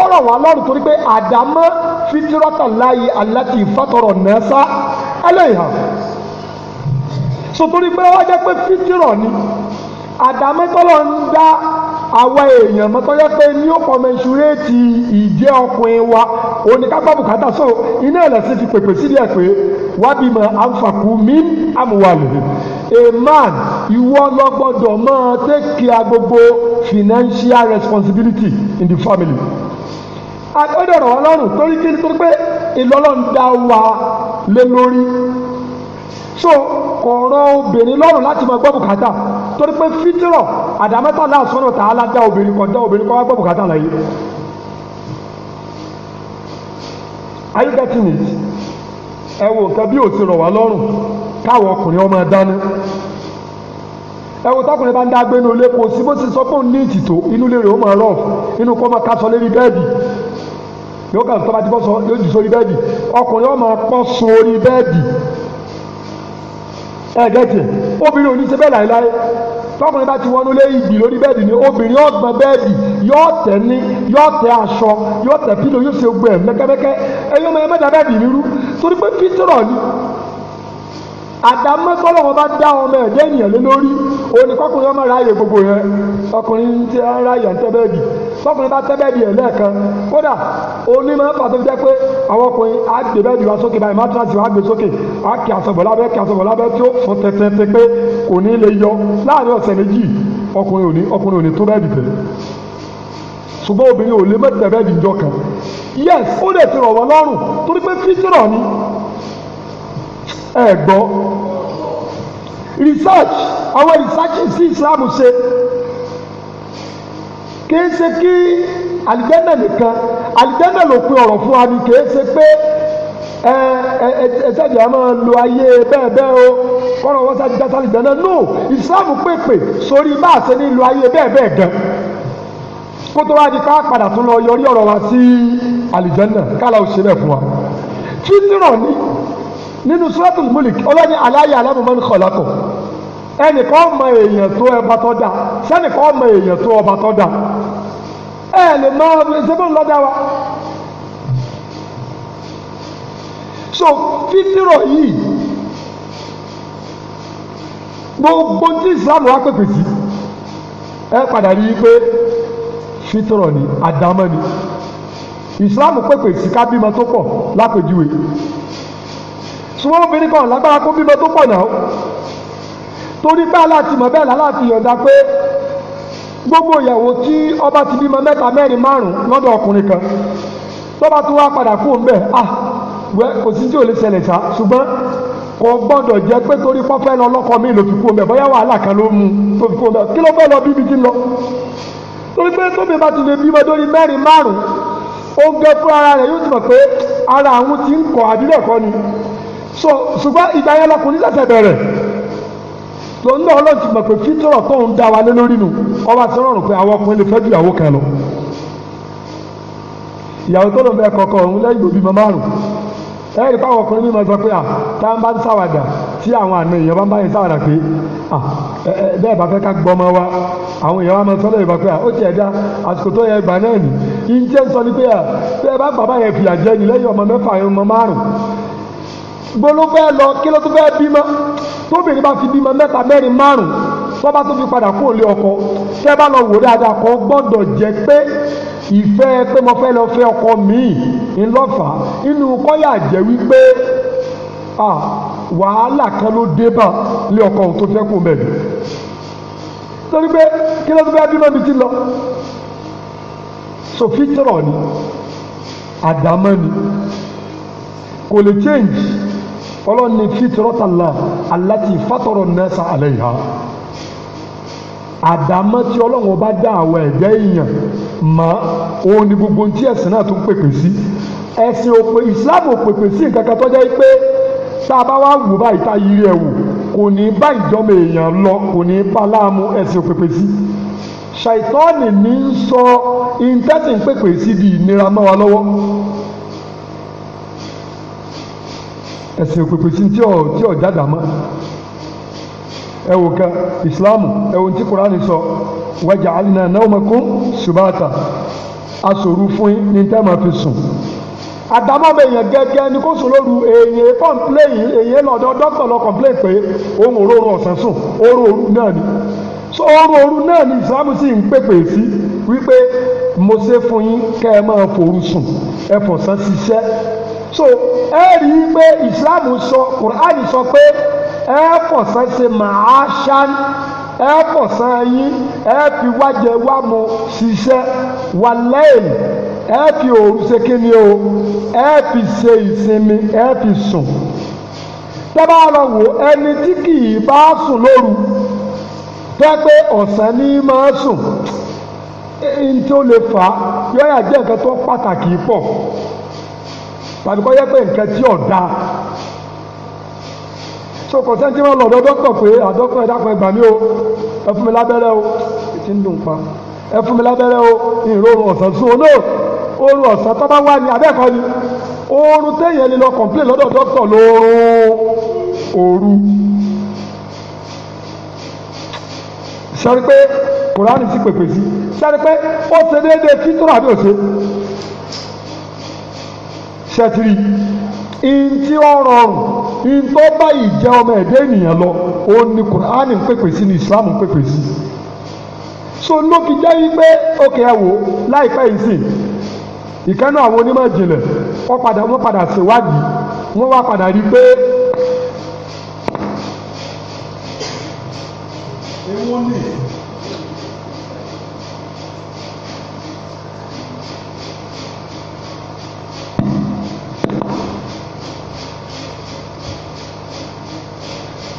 ó rọ̀ wá lọ́rùn torí pé àdámọ́ fitirọ́tà láyé aláti ìfàtọ̀rọ̀ náà sá ẹlẹ́yà sotori pé wọ́n jẹ́ pé fitirọ̀ ni àdámẹ́tọ́lọ́ ń dá àwa èèyàn mọ́tọ́jọ́ pé ní ó kọ̀mẹ́súréètì ìjẹ́ ọkùnrin wa òun ni ká gbọ́ bùkátà so iná ẹ̀lẹ́sìn fi pèpè sílẹ̀ pé wábìmọ̀ àǹfààkù mi àmúwalè a man ìwọ lọ gbọ́dọ̀ máa take care gbogbo financial responsibility in the family ó dọ̀rọ̀ wọn lọ́rùn torí kí nítorí pé ìlọ́lọ́run wa lé lórí so kọ̀ọ̀rọ̀ obìnrin lọ́rùn láti máa gbọ́ bùkátà torí pé fítírọ̀ àdámẹ́ta náà sọ́nà tá obìnrin kan dá obìnrin kan wá gbọ́ bùkátà láyé. are you getting it? ẹ wo nǹkan bí òsì rọ̀ wá lọ́rùn káwọn ọkùnrin ọmọ dáná ẹ wo tọkùnrin bá ń dá gbénu ilé kò sí bó ti sọ fún ní ìtìtò inú ilé rẹ̀ ó máa rọ̀ inú kó máa kásọ lérí bẹ́ẹ̀dì yóò kàn tó bá ti bọ́ sọ yóò jù sórí bẹ́ẹ̀dì ọkùnrin ó pọ́ sun bẹ́ẹ̀dì ẹ̀ẹ́dẹ́tì obìnrin ò ní ṣe bẹ́ẹ̀ láéláé tọkùnrin bá ti wọnú lé ìgbì lórí bẹ́ẹ̀dì ni obìnrin ọgbọ̀n bẹ́ẹ̀dì yóò tẹ̀ ní yóò tẹ̀ aṣọ yóò tẹ̀ pílò yóò ṣe gbẹ̀ mẹ́kẹ́mẹ́kẹ́ ẹ̀yọ́ mẹ́ta bẹ́ẹ̀dì nírú torí pé pítírọ̀ ni àdámọ́tọ́lọ́ wọn bá dá ọmọ ẹ̀dẹ́ ènìyàn lé lórí òní kọkùnrin ọmọ ráàyè gbogbo yẹn ọkùnrin ti ráàyè tẹ́bẹ́ẹ̀dì tọkùnrin bá tẹ́bẹ́ẹ̀dì ẹ̀ lẹ́ẹ̀kan kódà òní máa ń fà tó fi jẹ́ pé àwọn ọkùnrin á gbé bẹ́ẹ̀dì wá sókè báyìí mátíráàsì wá gbé sókè á kí àsọ̀bọ̀ lábẹ́ kí àsọ̀bọ̀ lábẹ́ tí ó sọ tẹ́tẹ́tẹ́ pé kò ní lè yọ láàrin ọ̀sẹ̀ méjì ọkùnrin yes ó lè ti rọ̀ wọ́n lọ́rùn ni ẹ gbọ́ research àwọn researches sí Islam ṣe kìí ṣe kí àlìjẹ́nà nìkan àlìjẹ́nà ló pe ọ̀rọ̀ fún wa ni kìí ṣe pé ẹ ẹ ẹ ṣáàjì àmọ́ lo ayé bẹ́ẹ̀ bẹ́ẹ̀ o kọ́nà wọ́n ṣáàjì dáṣà àlìjẹ́nà no Islam pèpè sórí bá a ṣe ní lo ayé bẹ́ẹ̀ bẹ́ẹ̀ gan kó tó wá di ká padà tún lọ yọrí ọ̀rọ̀ wa sí àlìjẹ́nà kálá ò ṣe bẹ́ẹ̀ fún wa títí rọ̀ ni nínú suratul mulk ọlọ́ni aláyé alámọ̀mọ́ni kọ̀lákọ̀ ẹnìkan mọ èèyàn tó ẹba tó dá sẹ́nìkan mọ èèyàn tó ọba tó dá ẹ lè mọ ṣẹ́fún lọ́dá wa. so fífírọ̀ yìí gbogbo tí Islam wá pèpè sí ẹ padà rí i pé fífírọ̀ ni àdámọ́ ni Islam pèpè sí ká tó pọ̀ lápèjúwe ṣùgbọ́n obìnrin kan lágbára kó bímọ tó pọ̀ náà torí pé aláàtì mọ̀ bẹ́ẹ̀ láti yọ̀ǹda pé gbogbo ìyàwó tí ọba ti bímọ mẹ́ta mẹ́rin márùn lọ́dọ̀ ọkùnrin kan tọ́ba tó wá padà kú òun bẹ́ẹ̀ ah wẹ́ kò sí tí ò lè ṣẹlẹ̀ sá ṣùgbọ́n kò gbọ́dọ̀ jẹ́ pé torí pọ́fẹ́ lọ lọ́kọ mi ló fi kú òun bẹ́ẹ̀ bóyá wàhálà kan ló mú tó fi kí ló fẹ́ lọ bíbi tí lọ torí pé tóbi bá ti lè bímọ lórí mẹ́rin márùn ó gẹ fún ara rẹ̀ yóò ti mọ̀ pé ara àwọn ti ń kọ̀ àbí bẹ́ẹ̀ ni so ṣùgbọ́n ìgbà yẹn lọkùnrin ṣẹ̀ṣẹ̀ bẹ̀rẹ̀ lòun náà lọ́ọ́ ti mọ̀ pé fítọ́rọ̀ tó ń dá wa lé lórí nu ọba ti rọrùn pé àwọn ọkùnrin lè fẹ́ ju ìyàwó mọ márùn ọkùnrin mímọ sọ pé à tá n bá ń tí àwọn àna èèyàn bá ń báyìí pé à bẹ́ẹ̀ bá fẹ́ ká gbọ́ ọmọ wa àwọn èèyàn wa máa sọ lẹ́yìn bá pé à ó àsìkò tó yẹ gbà náà nì í jẹ́ sọ ni pé à bẹ́ẹ̀ bá fìyà jẹ́ ni lẹ́yìn ọmọ mẹ́fà ọmọ márùn gbọ́n ló fẹ́ lọ kí ló tún fẹ́ bímọ tóbìnrin bá ti bímọ mẹ́ta mẹ́rin márùn tó bá tó fi padà kúrò lé ọkọ tẹ́ bá lọ wò dáadáa kọ́ gbọ́dọ̀ jẹ́ pé ìfẹ́ pé mo fẹ́ lọ fẹ́ ọkọ míì ńlọ́fà inú kọ́yà jẹ́ wípé wàhálà kan ló dé bá lé ọkọ tó fẹ́ kú mẹ́rin torí pé kí ló tún fẹ́ bímọ mi ti lọ sòfítọ́rọ̀ ni àdámọ́ ni kò lè change ọlọ́run ní fitrọ́tàlá aláti fatọ̀rọ̀ nẹ́sà alẹ́ yìí ha àdámọ́ tí ọlọ́run bá dá àwọn ẹ̀dá èèyàn mọ́ òun ni gbogbo tí ẹ̀sìn náà tún pèpè sí ẹ̀sìn òpè Islam ò pèpè sí nǹkan kan tó jẹ́ pé tá a bá wá wù báyìí tá a yiri ẹ̀ wù kò ní bá ìjọba èèyàn lọ kò ní bá láàmú ẹ̀sìn ò sí ṣàìtọ́ọ̀nì ní sọ intẹ́sìn pèpè sí di ìnira mọ́ wa lọ́wọ́ ẹ̀sìn òpèpè sí tí ọ̀ tí ọ̀ jáde àmọ́ ẹ wò ká ìsìláàmù ẹ wò tí kùránì sọ waja'alna nawmakum subata aṣòru fún yín ní tẹ́ máa fi sùn àdámọ́ bẹ yẹn gẹ́gẹ́ ni kó sùn lóru èyí kọ́ńpléyìn èyí lọ́dọ̀ dọ́kítọ̀ lọ kọ́ńpléyìn pé òun òru òru ọ̀sán sùn òru òru náà ni so òru òru náà ni ìsìlámù sì ń pèpè sí wípé mo ṣe fún yín kẹ́ ẹ máa fòru sùn ẹ fọ̀sán ṣiṣẹ́ so ẹ rí i pé islam sọ quran sọ pé ẹ kọ̀sán ṣe màá ṣán ẹ kọ̀sán yín ẹ fi wájẹ wá mu ṣiṣẹ́ wà lẹ́yìn ẹ fi òru ṣe kí ni o ẹ fi ṣe ìsinmi ẹ fi sùn tẹ́bá lọ wò ẹni tí kì í bá sùn lóru tẹ́ pé ọ̀sán ní máa sùn ní tí ó lè fà á yọ̀ọ́yà jẹ́ nǹkan tó pàtàkì pọ̀ tàbí kọ́ yẹ pé nǹkan tí ò da so kò sẹ́ńtì wọn lọ́dọ̀ dọ́kítọ̀ pé àdọ́kítọ̀ ẹ̀dá kan mi o ẹ fún mi lábẹ́rẹ́ o ètí ń dùn pa ẹ fún mi lábẹ́rẹ́ o ìrorun ọ̀sán tún o oorun ọ̀sán tó bá wà ní abẹ́ẹ̀kọ́ ni oorun téèyàn lè lọ kọ̀m̀plé lọ́dọ̀ dọ́kítọ̀ lóorun òru sọ pé kòránì ti pèpè sí sọ pé ó ṣe déédéé títúrà bí ó ṣe ṣẹ́tìrì in tí ó rọrùn in tó bá ìjẹ́ ọmọ ẹ̀dẹ́ ènìyàn lọ òun ni kùránì ń pèpè sí ni islam ń pèpè sí so lókì jẹ́ wípé òkè ẹ̀ wò láìpẹ́ yìí sì ìkànnì àwọn onímọ̀ ìjìnlẹ̀ wọ́n padà wọ́n padà ṣèwádìí wọ́n wá padà rí i pé ewu ni.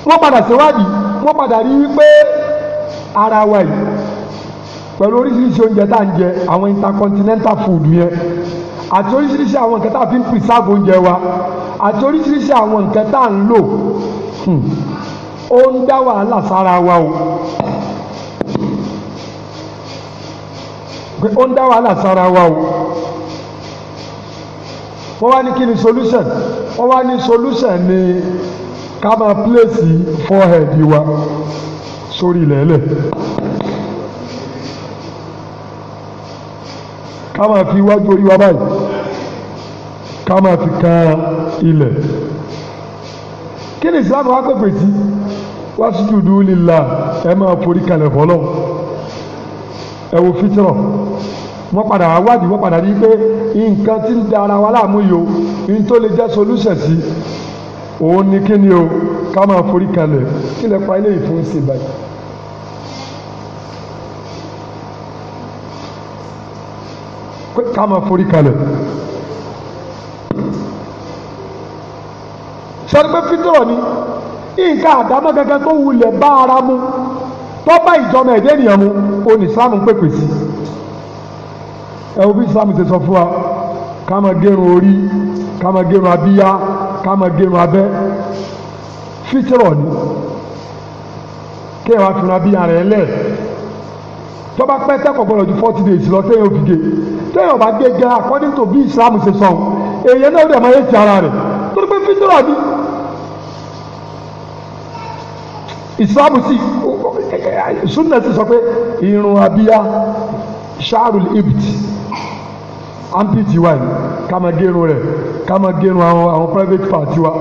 wọ́n padà ṣèwádìí wọ́n padà rí i pé ara wa yìí pẹ̀lú oríṣiríṣi oúnjẹ tá à ń jẹ àwọn intercontinental food yẹn àti oríṣiríṣi àwọn nǹkan tá a fi ń preserve oúnjẹ wa àti oríṣiríṣi àwọn nǹkan tá à ń lò hmm, ó ń dá wàhálà sára wa o ó ń dá wàhálà sára wa o wọ́n wá ní kí ni solution wọ́n wá ní solution ni ká máa pílẹ̀sì forehead wa sórí lẹ́lẹ̀ ká máa fi iwájú orí wa báyìí ká máa fi kan ilẹ̀ kí ni ìsìlámù wa pèpè sí wàsíjúdú lílà ẹ máa forí kalẹ̀ fọlọ́ ẹ wo fítírọ̀ wọ́n padà wá wádìí wọ́n padà rí i pé nǹkan tí ń da ara wa láàmú yìí o ní tó lè jẹ́ solúṣẹ̀ sí òun ni kí ni o ká máa forí kalẹ̀ kí lè pa ká máa forí kalẹ̀. ni nǹkan àdámọ́ gẹ́gẹ́ tó wulẹ̀ bá ara mu tó bá ìjọba ẹ̀dẹ́ ènìyàn mu pèpè ká máa gé irun abẹ́ fítírọ̀ ni kéèyàn wá fi irun abíyá rẹ̀ lẹ̀ tọ́ba pẹ́ tẹ́kọ̀ọ́ gbọ́dọ̀ ju forty days lọ téèyàn ò fi gé téèyàn bá gé gẹ́ according to bí Islam ṣe sọ èèyàn náà dẹ̀ máa yé ti ara rẹ̀ torí pé fítírọ̀ ni Islam sì sunna sì sọ pé irun abíyá sharul ibt ampi tiwa yìí ká máa gẹrun rẹ̀ ká máa gẹrun private part tiwa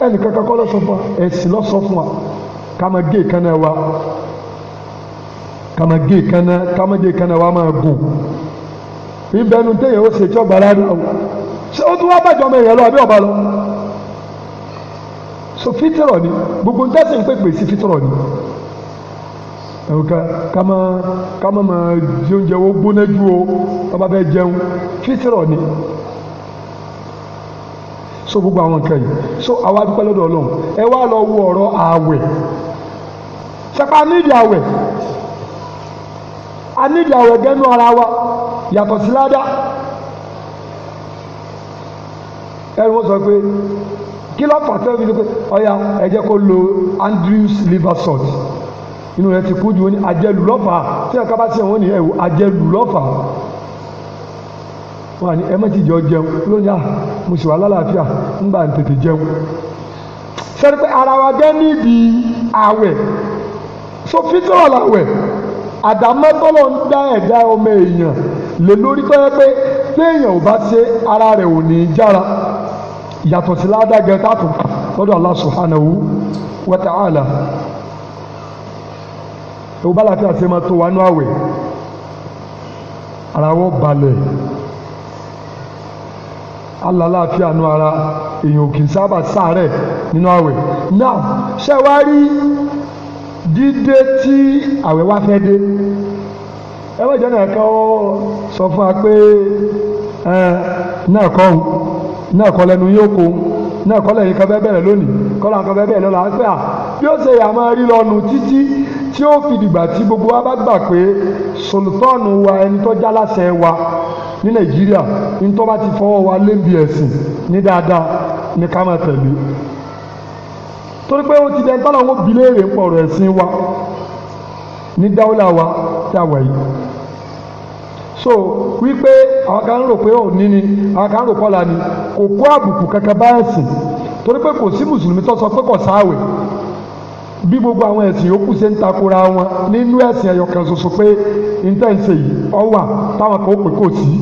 ẹnìkan kakọ́ lọ́sọ̀ fún wa ẹ̀sìn lọ́sọ̀ fún wa ká máa gé ìkànnà wa ká máa gé ìkànnà ká máa gé ìkànnà wa máa gùn ìbẹnu téèyàn se ṣe tí ọgbà rárá o ṣé ó tún wá bàjọ́ o èèyàn lọ àbí ọba lọ so fitrọ ni gbogbo ń tẹ́sí ń pèpè sí fitrọ ni kama kama ma jẹ oúnjẹ wo gbóná ju o tọba fẹ́ jẹun fitirọ ni so gbogbo àwọn nǹkan yìí so àwa dúpẹ́ lọ́dọ̀ ọlọ́run ẹ wá lọ wo ọ̀rọ̀ ààwẹ̀ sẹpẹ anídìí ààwẹ̀ anídìí ààwẹ̀ gẹ́nu ara wa yàtọ̀ sí ládá ẹni wọ́n sọ pé kí lọ́ọ̀tà tẹ́lifíṣẹ́ pé ọ̀ya ẹ jẹ́ kó lo Andrews liver salt. inú rẹ ti kú ju ní àjẹlù lọ́fà tí ẹ̀ka bá sí ẹ̀wọ̀n ní ẹ̀wò àjẹlù ẹ jọ jẹun lónìí mo sì wà lálàáfíà ń bá tètè jẹun sẹ́ni pé ara wa gẹ́ nídìí àwẹ̀ so fítọ́rọ̀ làwẹ̀ àdámọ́tọ́lọ́ ń dá ẹ̀dá ọmọ èèyàn lè lórí pẹ́ẹ́ pé téèyàn ò bá ṣe ara rẹ̀ ò ní í jára yàtọ̀ sí ládàgẹ́ tààtù lọ́dọ̀ tó bá láti àṣẹ máa tó wánú àwẹ̀ ara wọ́n balẹ̀ alálàáfíà nu ara èèyàn kì sábà ṣàárẹ̀ nínú àwẹ̀ náà ṣé wàá rí dídé tí àwẹ̀ wá fẹ́ dé ẹ wọ́n sọ fún wa pé ẹ náà kọ́ náà kọ́ lẹ́nu yóò kó náà kọ́ lẹ́yìn kan bẹ̀rẹ̀ lónìí kọ́ bẹ̀rẹ̀ lọ́la tí ó fi dìgbà tí gbogbo wa bá gbà pé sọlùtọ́ọ̀nù wa ẹni tó já láṣẹ wa ní nàìjíríà ní tó bá ti fọwọ́ wa lébi ẹ̀sìn ní dáadáa ní ká máa tẹ̀lé torí pé ó ti dẹ́n tọ́lá wọn bi léèrè ń pọ̀rọ̀ ẹ̀sìn wa ní dáwọ́lá wa tá a wà yìí so wípé àwọn kan ń rò pé òní ni àwọn kan ń rò kọ́la ni kò kó àbùkù kankan bá ẹ̀sìn torí pé kò sí mùsùlùmí tó sọ pé kò sáàwẹ̀ bí gbogbo àwọn ẹ̀sìn yòókù ṣe ń takora wọn nínú ẹ̀sìn ẹ̀yọ̀kan ṣoṣo pé intense yìí ọ wà táwọn kan ó pè kò sí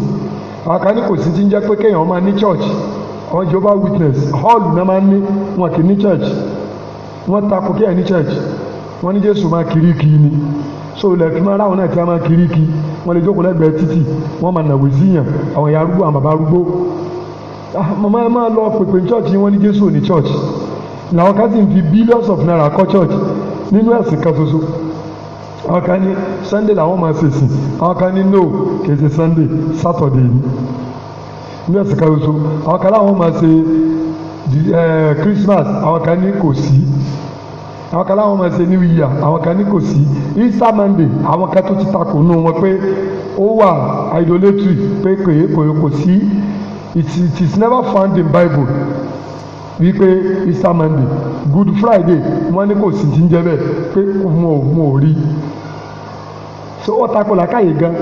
àkànní kò sí ti ń jẹ́ pé kéèyàn máa ní church àwọn Jehovah Witness hall náà máa ń ní wọn kì í ní church wọ́n takò kéèyàn ní church ní ni so ilẹ̀ fi máa ráwọn náà ti máa kiri lè jókòó lẹ́gbẹ̀ẹ́ títì máa nàwó síyàn àwọn ìyá arúgbó àwọn bàbá arúgbó ẹ ah, máa lọ pèpè church ní làwọn kan sì ń fi billions of naira kọ́ church nínú ẹ̀sìn kan ṣoṣo àwọn kan ní sunday làwọn máa ṣèsìn àwọn kan ní no kì í ṣe sunday saturday ni nínú ẹ̀sìn kan ṣoṣo àwọn kan láwọn máa ṣe eh, christmas àwọn kan ní kò sí àwọn kan láwọn máa ṣe new year àwọn kan ní kò sí easter monday àwọn kan tó ti takò nù wọn pé ó wà idolatry pé kò sí it, it is never found in bible wípé easter monday good friday wọn ní kò sí ti ń jẹ́ bẹ́ẹ̀ pé wọn ò ò rí so ó takò làkàyè gan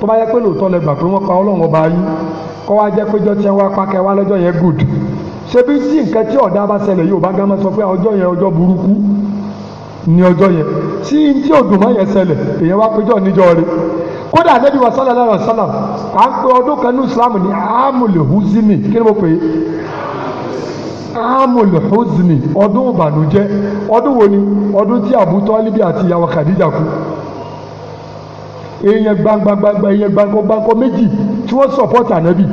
tó bá yẹ pé lóòótọ́ lẹ gbà pé wọ́n pa ọlọ́run ọba yín kọ́ wá jẹ́ péjọ tí wọ́n pa kẹ́ wá lọ́jọ́ yẹn good ṣebí tí nǹkan tí ọ̀dà bá ṣẹlẹ̀ yóò bá gámọ́ sọ pé ọjọ́ yẹn ọjọ́ burúkú ní ọjọ́ yẹn tí tí òdùnmọ́ yẹn ṣẹlẹ̀ wá rẹ kódà wa sallallahu alaihi à ń pe ọdún kan ní islam ní amúlẹ̀ húzínì kí ni pè é amul huzni ọdún ìbànújẹ́ ọdún wo ni ọdún tí Abu Tọ́líbì àti ìyàwó Khadija kú èèyàn gbangbangba èèyàn gbangbangba méjì tí wọ́n sọ̀pọ̀tì ànábì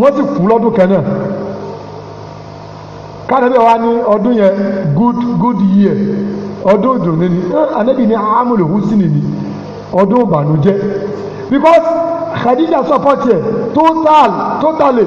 wọ́n sì kú lọ́dún kan náà kánàbí wa ní ọdún yẹn good good year ọdún ìdùnnú ni ànábì ní amul huzni ni ọdún ìbànújẹ́ because Khadija sọ̀pọ̀tì ẹ̀ total totally.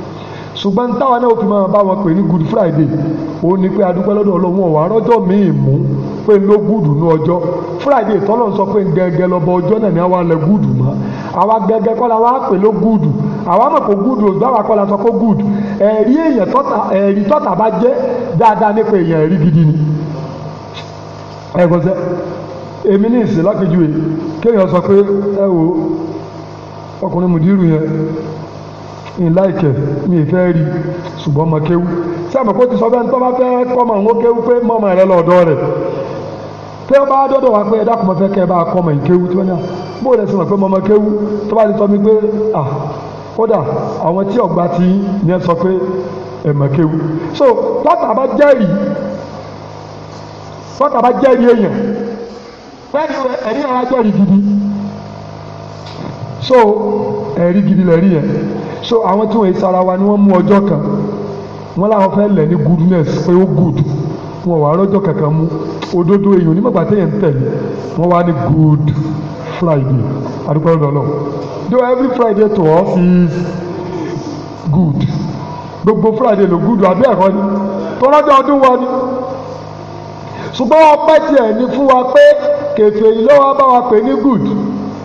ṣùgbọ́n táwa náà fi máa bá wọn pè ní good friday ni pé adúpẹ́ ọlọ́run rọ́jọ́ míì mú pé ló gúdù friday tọ́lọ̀ ń sọ pé gẹ́gẹ́ lọ́bọ ọjọ́ náà ni àwa lẹ gúdù mọ́ àwa gẹ́gẹ́ kọ́ la wá pè ló gúdù àwa mọ̀ kó gúdù ògbà wa kọ́ la sọ kó gúdù ẹ̀rí èèyàn tọ́ta ẹ̀rí tọ́ta bá jẹ́ dáadáa nípa èèyàn ẹ̀rí gidi ni ẹ̀gbọ́nsẹ́ èmi ní ìsìn ìláìkẹ̀ mi ì fẹ́ rí ṣùgbọ́n mo kéwú sí àmọ́ kó ti sọ bẹ́ẹ̀ ní tó bá fẹ́ kọ́mọ ń kéwú pé mọ́mọ rẹ lọ́dọ̀ rẹ̀ tí wọ́n bá dọ́dọ̀ wá pé ẹ̀dá kọ́mọ fẹ́ kẹ́ ẹ bá kọ́mọ ìkéwú tí wọ́n ní bó lẹ sí mọ̀ pé mọ́mọ kéwú tó bá ti sọ mi pé à kódà àwọn tí ọ̀gbà ti yẹn sọ pé ẹ̀mọ̀ kéwú so látàbá jẹ́rìí látàbá jẹ́rìí èèyàn pẹ́ẹ́ni ẹ̀rí ara jẹ́rìí gidi so ẹ̀rí gidi lẹ́rí yẹn so àwọn tí wọ́n yé sara wa ni wọ́n mú ọjọ́ kan wọ́n làwọn fẹ́ lẹ̀ ní goodness pé ó good wọn wà lọ́jọ́ kankan mú òdodo èèyàn onímọ̀gbà téèyàn ń tẹ̀lé wọ́n wá ní good friday àdúgbò lọ́lọ́ though every friday to us is good gbogbo friday ló good àbí ẹ̀kọ́ ni tọ́lájà ọdún wa ni ṣùgbọ́n ọpẹ́ tiẹ̀ ní fún wa pé kèfèrí lọ́wọ́ bá wa pè ní good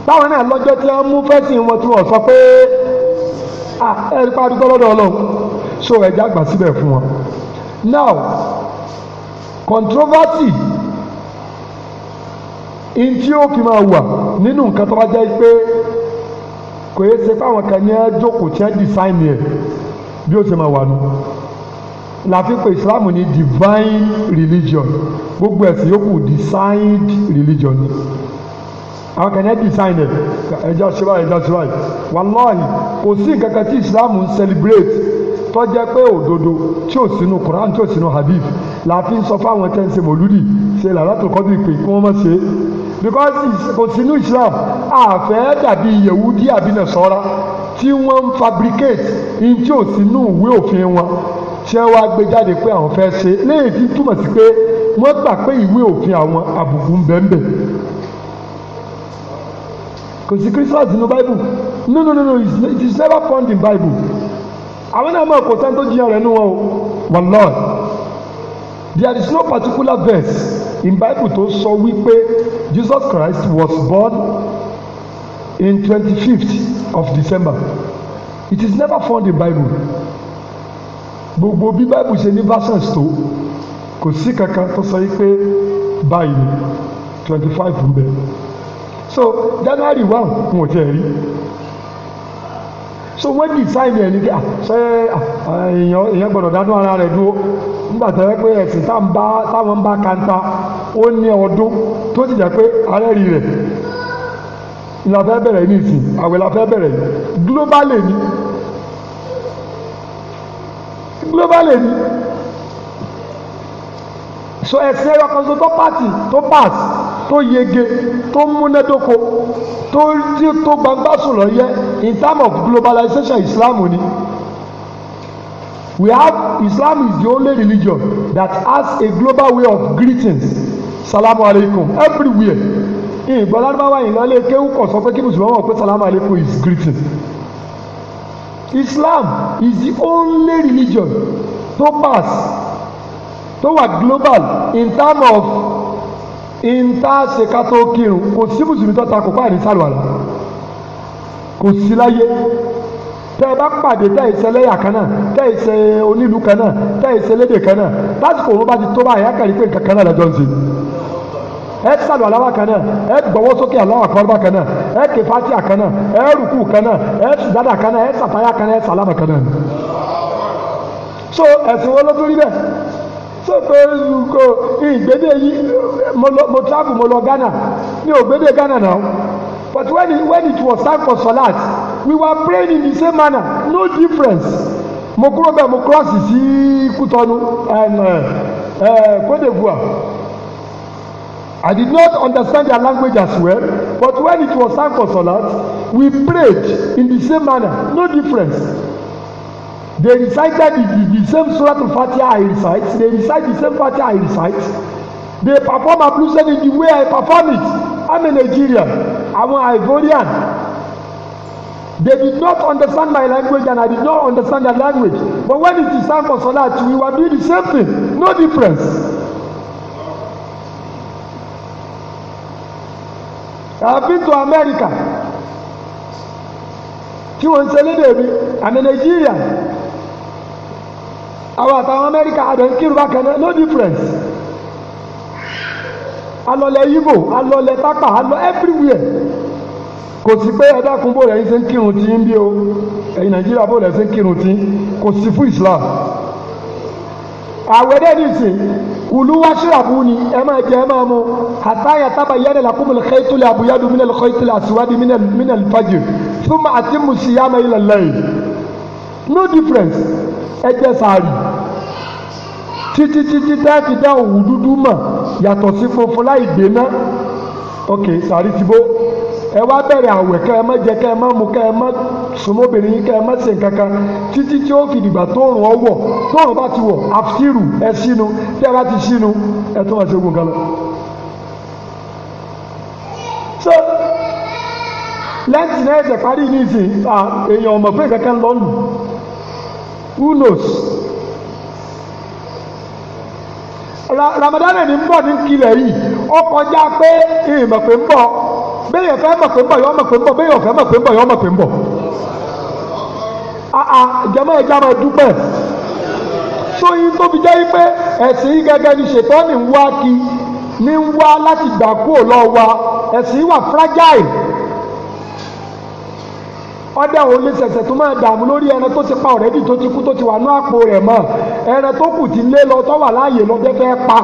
báwọn náà lọ́jọ́ tí wọ́n mú fẹ́sìn wọn tí wọ́n sọ pé. Ah, ẹ rí parí tọ́lọ́dọ̀ ọlọ́run so ẹ̀jẹ̀ àgbà síbẹ̀ fún wọn. now controversy in tí ó fi máa wà nínú nǹkan tó bá jẹ́ pé kò yẹ ṣe fáwọn kan ní ẹjọ́kò tí wọ́n design yẹ bí ó ṣe máa wà nù làfipò ìsìláàmù ní divine religion gbogbo ẹ̀sìn yòókù designed religion ni àwọn kan yẹn design ẹ ẹja ṣe báyìí ẹja ṣe báyìí wàláhì kò sí nǹkan tí islam ń celebrate tó jẹ́ pé òdodo tí ò sínú quran tí ò sínú hadith la fi ń sọ fáwọn tẹ́ ń ṣe mòlúdì ṣe làlátò kọ́ bí pé kí wọ́n má ṣe é because kò sínú islam àfẹ́ dàbí yehudi àbí nasọ́ra tí wọ́n ń fabricate in tí ò sínú ìwé òfin wọn ṣé wá gbé jáde pé àwọn fẹ́ ṣe léyìí tí túmọ̀ sí pé wọ́n gbà pé ìwé òfin àwọn àbùkù ń bẹ́ẹ̀ kò sí Christmas nínú bible no no no no it is never found in bible àwọn náà mọ̀ kò sẹ́ni tó jiyàn rẹ̀ nù wọn o wallahi there is no particular verse in bible tó sọ wípé Jesus Christ was born in twenty-fifth of December it is never found in bible gbogbo bí bible ṣe ní verses tó kò sí kankan tó sọ yìí pé báyìí twenty-five ń bẹ so january one n ò tiẹ̀ rí so wọ́n design ẹni kí ah, ṣe ah, èèyàn èèyàn gbọ́dọ̀ dánú ara rẹ̀ dúró nígbà tó yẹ pé ẹ̀sìn táwọn ń bá kanta ó ní ọdún tó ti jẹ́ pé arẹ́rì rẹ̀ la fẹ́ bẹ̀rẹ̀ ní ìsìn àwẹ̀ la fẹ́ bẹ̀rẹ̀ globally ni globally ni so ẹ̀sìn ẹ̀rọ kan tó pass tó yege tó múnádóko tó tí tó gbangba sọ̀rọ̀ yẹ in terms of globalization Islam ni we have Islam is the only religion that has a global way of greetings salamu alaykum everywhere ìgbọ́ lárúbáwá ìlọlé kéwù kọ̀ sọ pé kí mùsùlùmí wọn pé salamu alaykum is greeting Islam is the only religion tó pass tó wà global in terms of ìta ṣe ká tó kírun kò sí mùsùlùmí tó ta kò pa àní sàlùwàlà kò sí láyé tẹ ẹ bá pàdé tẹ ìṣe lẹ́yà kan náà tẹ ìṣe onílù kan náà tẹ ìṣe lédè kan náà lásìkò òun bá ti tó báyìí akẹ́rì pé nǹkan kan náà lọ́jọ́ ń ṣe ẹ sàlùwàlà wà kan náà ẹ gbọ́wọ́ sókè Allahu Akbar kan náà ẹ ké Fatiha kan náà ẹ rùkú kan náà ẹ sùdádà kan náà ẹ sàtáyà kan náà ẹ sàlámà kan náà so ẹ̀sìn wọn ló tó rí bẹ́ẹ̀ sọ́kò kò ìgbédè yìí mo travel mo lọ Ghana ní ògbédè Ghana náà but when it, when it was time for salat we were praying in the same manner no difference mo kúrò bẹ́ẹ̀ mo cross sí Kútọ́nù Côte uh, uh, d'Ivoire. I did not understand their language as well, but when it was time for Salat, we prayed in the same manner, no difference. They recited the, the, the same Surah Al-Fatiha I recite. They recite the same Fatiha I recite. They perform ablution in the way I perform it. I'm a Nigerian. I'm an Ivorian. They did not understand my language and I did not understand their language. But when it is time for Salat, we were doing the same thing. No difference. I've been to America. Kí wọ́n ń mi? I'm a Nigerian àwọn àtàwọn amẹ́ríkà àdán kírun bákan náà no difference alọlẹ Igbo alọlẹ tápà alọ everywhere kò sí pé ẹ dákun bó lẹ́yìn ṣe ń kírun tí ń bí o ẹ̀yin nàìjíríà bó lẹ́yìn ṣe ń kírun tí kò sí fún Islam àwẹ̀ dẹ́ nìsín kùlú wá ṣíràbù ni ẹ máa jẹ ẹ máa mu àtàyà tábà yẹn la kúmùlù xeytulè àbúyádùn mínàlù xeytulè àsìwádì mínàlù fàjì fún ma àti mùsíyàmà ilẹ̀ lẹ́yìn no difference ẹ jẹ sàárì títí títí tẹ́ fi dá òwú dúdú mọ̀ yàtọ̀ sí funfun láì gbéná ok sàárì ti bó ẹ wá bẹ̀rẹ̀ àwẹ̀ kẹ́ ẹ má jẹ kẹ́ ẹ má mu kẹ́ ẹ má sùnmọ́bìnrin yín kẹ́ ẹ má ṣe nǹkan kan títí tí ó fi dìgbà tóòrùn ọwọ̀ tóòrùn bá ti wọ̀ àfírù ẹ sínú tẹ́ ẹ bá ti sínú ẹ tó wọn ṣe ogun kan lọ. ṣé lẹ́ǹtì náà ẹ̀sẹ̀ parí ní ìsìn èèyàn ọmọ pé kankan lọ́nù who knows Ramadan ni ń bọ̀ ní kílẹ̀ yìí ó kọjá pé ìmọ̀ pé ń bọ̀ bẹ́ẹ̀ yẹn fẹ́ mọ̀ pé ń bọ̀ yọ mọ̀ pé bẹ́ẹ̀ fẹ́ mọ̀ pé yọ mọ̀ pé ń bọ̀ jẹ́mọ́ ẹja so yín tó fi jẹ́ yín pé ẹ̀sìn yín gẹ́gẹ́ ni ṣètọ́ ní ń wá kí ní ń wá láti gbà kúrò lọ́ọ́ ẹ̀sìn yín wà fragile ọ̀dà àwọn oníṣẹ̀ṣẹ̀ tó máa dààmú lórí ẹran tó ti pa ọ̀rẹ́dì tó ti kú tó ti wà ní àpò rẹ̀ mọ́ ẹran tó kù ti lé lọ tó wà láàyè lọ́dẹ fẹ́ pa.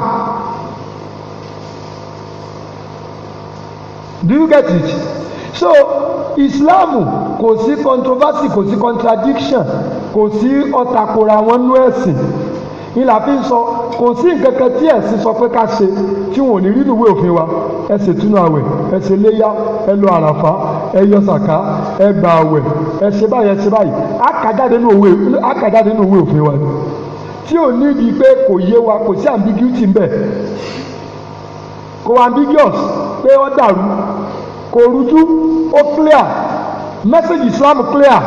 do you get it so Islam kò sí controversy kò sí contradiction kò sí ọ̀tàkùrà wọn nú ẹ̀sìn ìlà fi ń sọ kò sí nǹkan kan tí ẹ̀sìn sọ pé ká ṣe tí wọn ò ní rí nùwé òfin wa ẹ ṣètúnú àwẹ̀ ẹ ṣe léyà ẹ lọ àràfà Eyọsaka, yọ sàká ẹ gbà àwẹ̀ ẹ ṣe báyìí ẹ ṣe báyìí àkàjáde òwe òwe òfin wa tí ò ní di pé kò yé wa kò sí ambiguity ń kò ambiguous pé ó dàrú kò rújú ó clear message Islam clear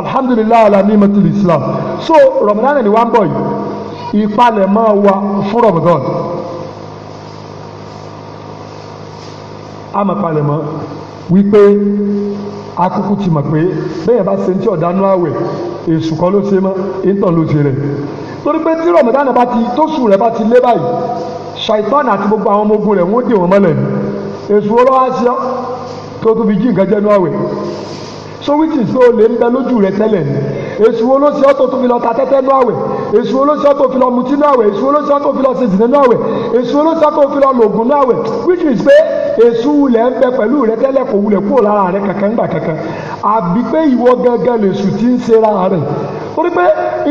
alhamdulilayi ala nimatul Islam so Ramadan ni wa ń bọ̀ yìí ìpalẹ̀mọ́ wa fún Ramadan. ama pale wípé akúkú ti mọ̀ pé bẹ́ẹ̀ bá ṣe ń tí ọ̀dánú àwẹ̀ èṣù kan ló ṣe mọ́ ìtàn ló ṣe rẹ̀ torí pé tí rọ̀mọ̀dánù bá ti tóṣù rẹ̀ bá ti lé báyìí ṣàìtọ́nù àti gbogbo àwọn ọmọ ogun rẹ̀ wọ́n dè wọ́n mọ́lẹ̀ ni èṣù olówó á ṣe ọ́ tó tóbi jí nǹkan jẹ́nu àwẹ̀ so which is so lè ń bẹ lójú rẹ̀ tẹ́lẹ̀ ni èṣù wo ló ṣe ọ́ tó tó fi lọ ta tẹ́tẹ́ nú àwẹ̀ èṣù wo ló ṣe ọ́ tó fi lọ mutí nú àwẹ̀ èṣù wo ló ṣe ọ́ tó fi lọ ṣe ìdìnnà nú àwẹ̀ èṣù wo ló ṣe ọ́ tó fi lọ lògùn nú àwẹ̀ which is pé èṣù wulẹ̀ ń bẹ pẹ̀lú rẹ tẹ́lẹ̀ kò wulẹ̀ kúrò lára rẹ kankan gbà kankan àbí pé ìwọ gangan lè sùn tí ń ṣe ra rẹ torí pé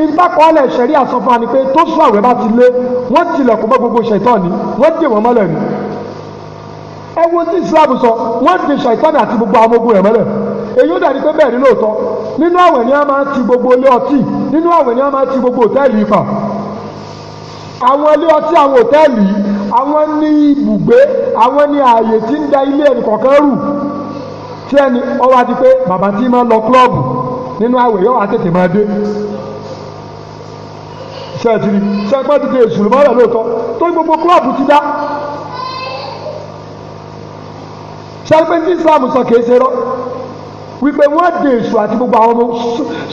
ìtakọ̀ọ́lẹ̀ ṣẹ̀rí àsọfúnwa ni pé tó sún àwẹ̀ bá ti lé wọ́n tilẹ̀kùn mọ́ gbogbo ṣẹ̀tọ́ ni wọ́n dè wọ́n mọ́lẹ̀ ni ẹ wo tí Islam sọ wọ́n dè ṣẹ̀tọ́ ni àti gbogbo àwọn ogun rẹ̀ mọ́lẹ̀ èyí ó dàbí pé bẹ́ẹ̀ ni lóòótọ́ nínú àwẹ̀ ni a máa ti gbogbo ilé ọtí nínú àwẹ̀ ni a máa ti gbogbo òtẹ́ẹ̀lì ifá àwọn ilé ọtí àwọn òtẹ́ẹ̀lì àwọn ní ibùgbé àwọn ní ààyè tí ń da ilé ẹnì kọ̀ọ̀kan rù tí ẹni ọwọ́ adi pé bàbá tí máa lọ kílọ̀bù nínú àwẹ̀ yóò wá tètè máa dé sẹ́ẹ̀tìrì sẹ́ẹ̀pẹ́ ti di èṣù lọ́wọ́ lóòótọ́ tó gbogbo kílọ̀bù ti dá sẹ́ẹ̀pẹ́ tí Islam sọ kìí ṣe rọ́ wípé wọ́n dè èṣù àti gbogbo àwọn ọmọ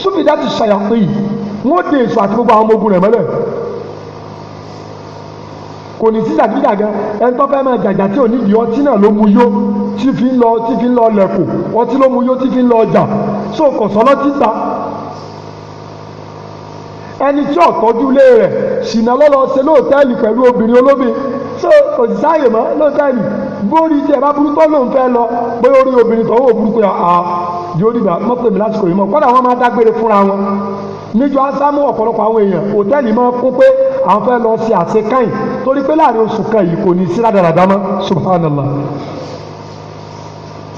súnfìdá ti ṣàyàpé yìí wọ́n dè èṣù àti gbogbo àwọn ọmọ ogun rẹ̀ mọ́lẹ̀ kò ní sí jàgídàgá ẹni tó fẹ́ máa jàjà tí ò ní di ọtí náà ló mu yó tí fi ń lọ tí fi ń lọ lẹ̀kùn ọtí ló mu yó tí fi ń lọ ọjà so kò sọ́lọ́ títa ẹni tí ọ̀tọ́jú lé rẹ̀ ṣìnà lọ́lọ́ ṣe lóòtẹ́ẹ̀lì pẹ̀lú obìnrin olómi so kò sí sáàyè mọ́ lóòtẹ́ẹ̀lì bórí tí ẹ bá burú tó lóun fẹ́ lọ bóyá orí obìnrin tó wò burúkú yà á yóò dìgbà mọ́ pèmí lásìkò yìí mọ́ kọ́dà wọ́n máa dágbére fúnra wọn níjọ ásámù ọ̀pọ̀lọpọ̀ àwọn èèyàn òtẹ́ẹ̀lì máa kún pé àwọn fẹ́ lọ sí àṣekáyìn torí pé láàrin oṣù kan yìí kò ní sí rádaràdá mọ́ subhanallah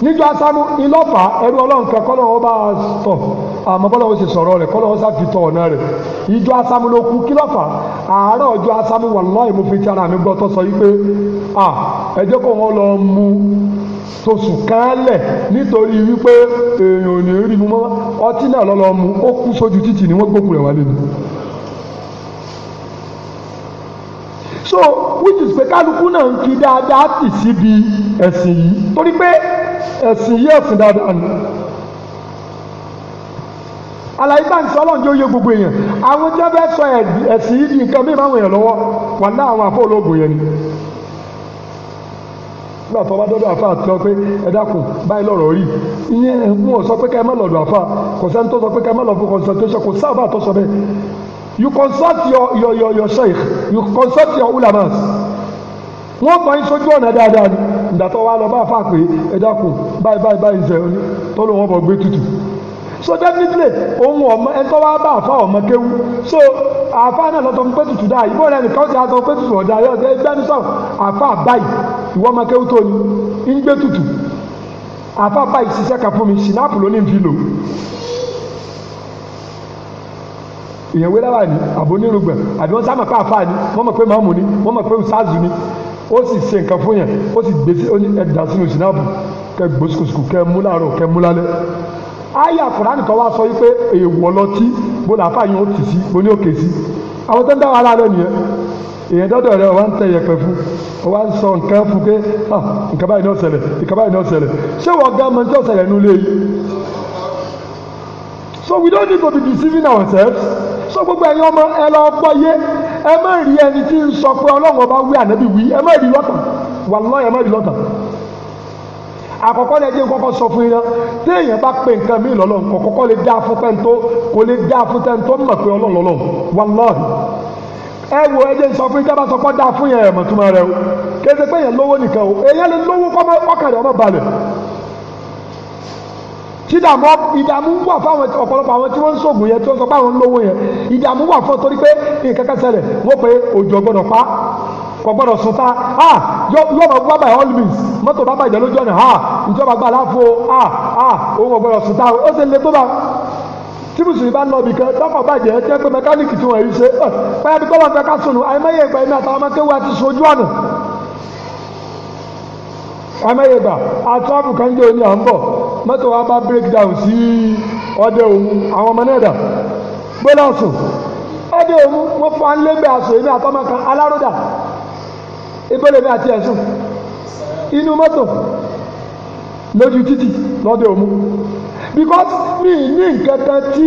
níjọ ásámù ìlọ́fà ẹrú ọlọ́run kan kọ́lọ́ ọba tọ̀ àmọ́ bọ́lá ó sì sọ̀rọ̀ rẹ̀ kọ́lọ́ ó sàfitọ̀ ọ̀nà rẹ̀ ìjọ ásámù ló kú kílọ́fà àárọ̀ ọjọ́ ásámù wallahi mo fi ti ara mi gbọ́ tó sọ yìí pé ah ẹ kó wọn lọ mu tosù kánlẹ̀ nítorí wípé èèyàn ò ní rí mu mọ́ ọtí náà lọ́lọ́ mu ó kú sójú títì ni wọ́n gbókù rẹ̀ wálé ni. so which is pé kálukú náà ń kí dáadáa tì síbi ẹ̀sìn yìí torí pé ẹ̀sìn yìí ẹ̀sìn dáadáa ni àlàyé bá sọ ọlọ́run jẹ́ oyè gbogbo èèyàn àwọn tí wọ́n sọ ẹ̀sìn yìí di nǹkan mímọ́ àwọn èèyàn lọ́wọ́ wà ní àwọn àfọlọ́gbò yẹn ni nígbà tó bá dọ́dọ̀ àfa àti lọ pé ẹ dákun báyìí lọ́rọ̀ rí ìyẹn ń sọ pé ká ẹ má lọ́dọ̀ àfa kò sọ pé ká ẹ má lọ fún consultation kò sáà bá tó sọ bẹ́ẹ̀ you consult your your your your sheikh you consult your ulamas wọ́n gbọ́ yín sójú ọ̀nà dáadáa ni ìgbà tó wá lọ bá àfa pé ẹ dákun báyìí báyìí báyìí ṣe tó lóun ọmọ gbé tutù so definitely òun ọmọ ẹ̀ńtọ́ wá bá àfa ọmọ kéwu so àfa náà lọ́tọ́ fún pẹ́tùtù dáa ìbò rẹ̀ nìkan ti àtọ́ pẹ́tùtù ọ̀dà yọ ọ̀dà ẹgbẹ́ nísọ̀ àfa báyìí ìwọ ọmọ kéwu tó ní ń gbé tutù àfa báyìí ṣiṣẹ́ kan fún mi sinapu ló ní fi lò èèyàn wé láwà ní àbónírúgbà àbí wọn sáà mọ̀ pé àfa ni wọ́n mọ̀ pé màmú ni wọ́n mọ̀ pé ṣáàzù ni ó sì ṣe nǹkan fún yẹn ó sì gbèsè ẹ̀dá sínú sinapu kẹ gbósùkùsùkù kẹ mú láàárọ̀ kẹ mú lálẹ́ àyà kùránì kan wá sọ wípé èèwọ̀ lọtí bó làáfà yín ó tì sí bó ní ó sí àwọn tó ń dá wàhálà rẹ nìyẹn èèyàn dọ́dọ̀ rẹ wà tẹ yẹpẹ fún wà ń sọ nǹkan fún pé ah, nǹkan báyìí náà ṣẹlẹ̀ nǹkan báyìí náà ṣẹlẹ̀ ṣé wọ́n gá mọ tó ṣẹlẹ̀ nulẹ̀ yìí so we don't need to be deceiving ourselves so gbogbo ẹ̀yin ọmọ ẹ lọ gbọ́ yé ẹ má rí ẹni tí ń sọ pé ọlọ́run ọba wí ànábì wí ẹ má rí lọ́tàn wàlọ́ ẹ má rí lọ́tàn àkọ́kọ́ lẹ jẹ́ kọ́kọ́ sọ fún yín náà téèyàn bá pe nǹkan mí lọ́lọ́ kọ́ kọ́kọ́ lè dá fún tẹ́ńtó kò lè dá fún tẹ́ńtó mọ̀ pé ọlọ́lọ́lọ́ wàláhì ẹ wo ẹ jẹ́ sọ fún yín dábàá sọ pé dá fún yẹn ẹ̀ mọ̀túmọ̀ rẹ o kéde pé yẹn lówó nìkan o èyàn lè lówó kọ́kàdé ọmọ balẹ̀ tí ìdààmú ìdààmú wà fáwọn ọ̀pọ̀lọpọ̀ àwọn tí wọ́n ń sògùn yẹn tí wọ́n sọ pé àwọn ń lówó yẹn ìdààmú wà fún ọ torí pé nǹkan kan ṣẹlẹ̀ wọ́n pe òjò gbọ́dọ̀ pa kò gbọ́dọ̀ sùn ta a yóò máa gbá by all means mọ́tò bá bàjẹ́ lójú ọ̀nà a ìjọba gbà láfo a a òun kò gbọ́dọ̀ sùn ta ó sì le tó bá tí mùsùlùmí bá lọ bìkan tọkọ bàjẹ́ tẹ́ pé mẹkáníìkì tí wọ́n yìí ṣe báyà bí kọ́lọ́ ń fẹ́ ká sùn nù àìmọye ìgbà ẹ̀mí àtàwọn ọmọ kéwàá ti sojú ọ̀nà àìmọye ìgbà àtúwàbù kan jẹ́ òní à ń bọ̀ mọ́tò wa bá break down sí ọdẹ òun àwọn ọmọ náà dà gbọ́dọ̀ sùn ọdẹ òun wọ́n fọ́ anlẹ́gbẹ̀ẹ́ àṣọ èmi àtọ́mọ kan aláròdà ìbọ̀lẹ̀ mi àti ẹ̀sùn inú mọ́tò lójú títì lọ́dẹ òmu because mi ní nǹkan kan tí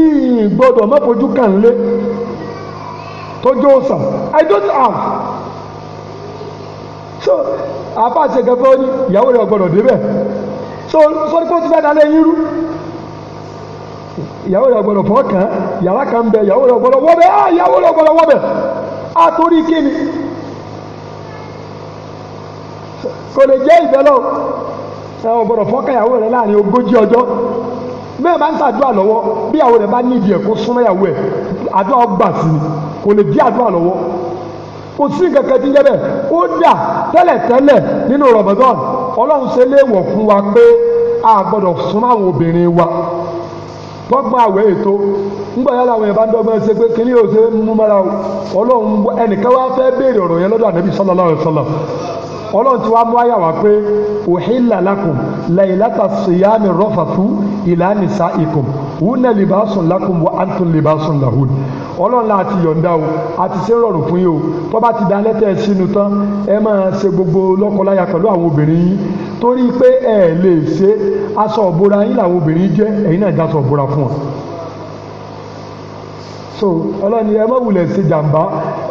gbọdọ̀ má fojú kàn lé tó jó I don't have so àbá àti ẹ̀gẹ́ fún ìyàwó rẹ̀ gbọdọ̀ débẹ̀ so sọ́ni kó ti fẹ́ dalẹ̀ yín rú ìyàwó rẹ̀ gbọdọ̀ fọ́ kàn yàrá kan bẹ ìyàwó rẹ̀ gbọdọ̀ wọ́ bẹ́ẹ̀ ah, ìyàwó rẹ̀ gbọdọ̀ wọ́ àtòrí kíni. kò lè jẹ́ ìfẹ́ lọ ẹ̀wọ̀n gbọ́dọ̀ fọ́kàyàwó rẹ̀ láàrin ogójì ọjọ́ bẹ́ẹ̀ bá ń ṣàdúrà lọ́wọ́ bí àwọn rẹ̀ bá nídìí ẹ̀kọ́ súnmọ́ ìyàwó ẹ̀ àdúrà ọgbà sí ni kò lè jẹ́ àdúrà lọ́wọ́ kò sí kankan tí jẹ́ bẹ́ẹ̀ ó dà tẹ́lẹ̀tẹ́lẹ̀ nínú Ọlọ́run ṣe léèwọ̀ wa pé a gbọ́dọ̀ súnmọ́ àwọn obìnrin wa dọ́gba àwẹ̀ ètò ńgbà yálà àwọn yẹn ń dọ́gbọ́n ṣe pé ṣe mú mọ́ra Ọlọ́run ẹnìkan wá ọlọ́run ti wá mú àyà wá pé uhilla lakum laylata siyami rọ́fàtú ila nisaikum hunna libasun lakum wa antum libasun lahun ọlọ́run náà ti yọ̀ǹda o àti ṣe rọrùn fún yín o tó bá ti da lẹ́tẹ̀ sínú tán ẹ máa ṣe gbogbo lọ́kọláya pẹ̀lú àwọn obìnrin yín torí pé ẹ lè ṣe aṣọ ọ̀bùra yín làwọn obìnrin jẹ́ ẹ̀yin náà dá ọ̀bùra fún wọn so ọlọ́ni ẹ má wulẹ̀ ṣe jàǹbá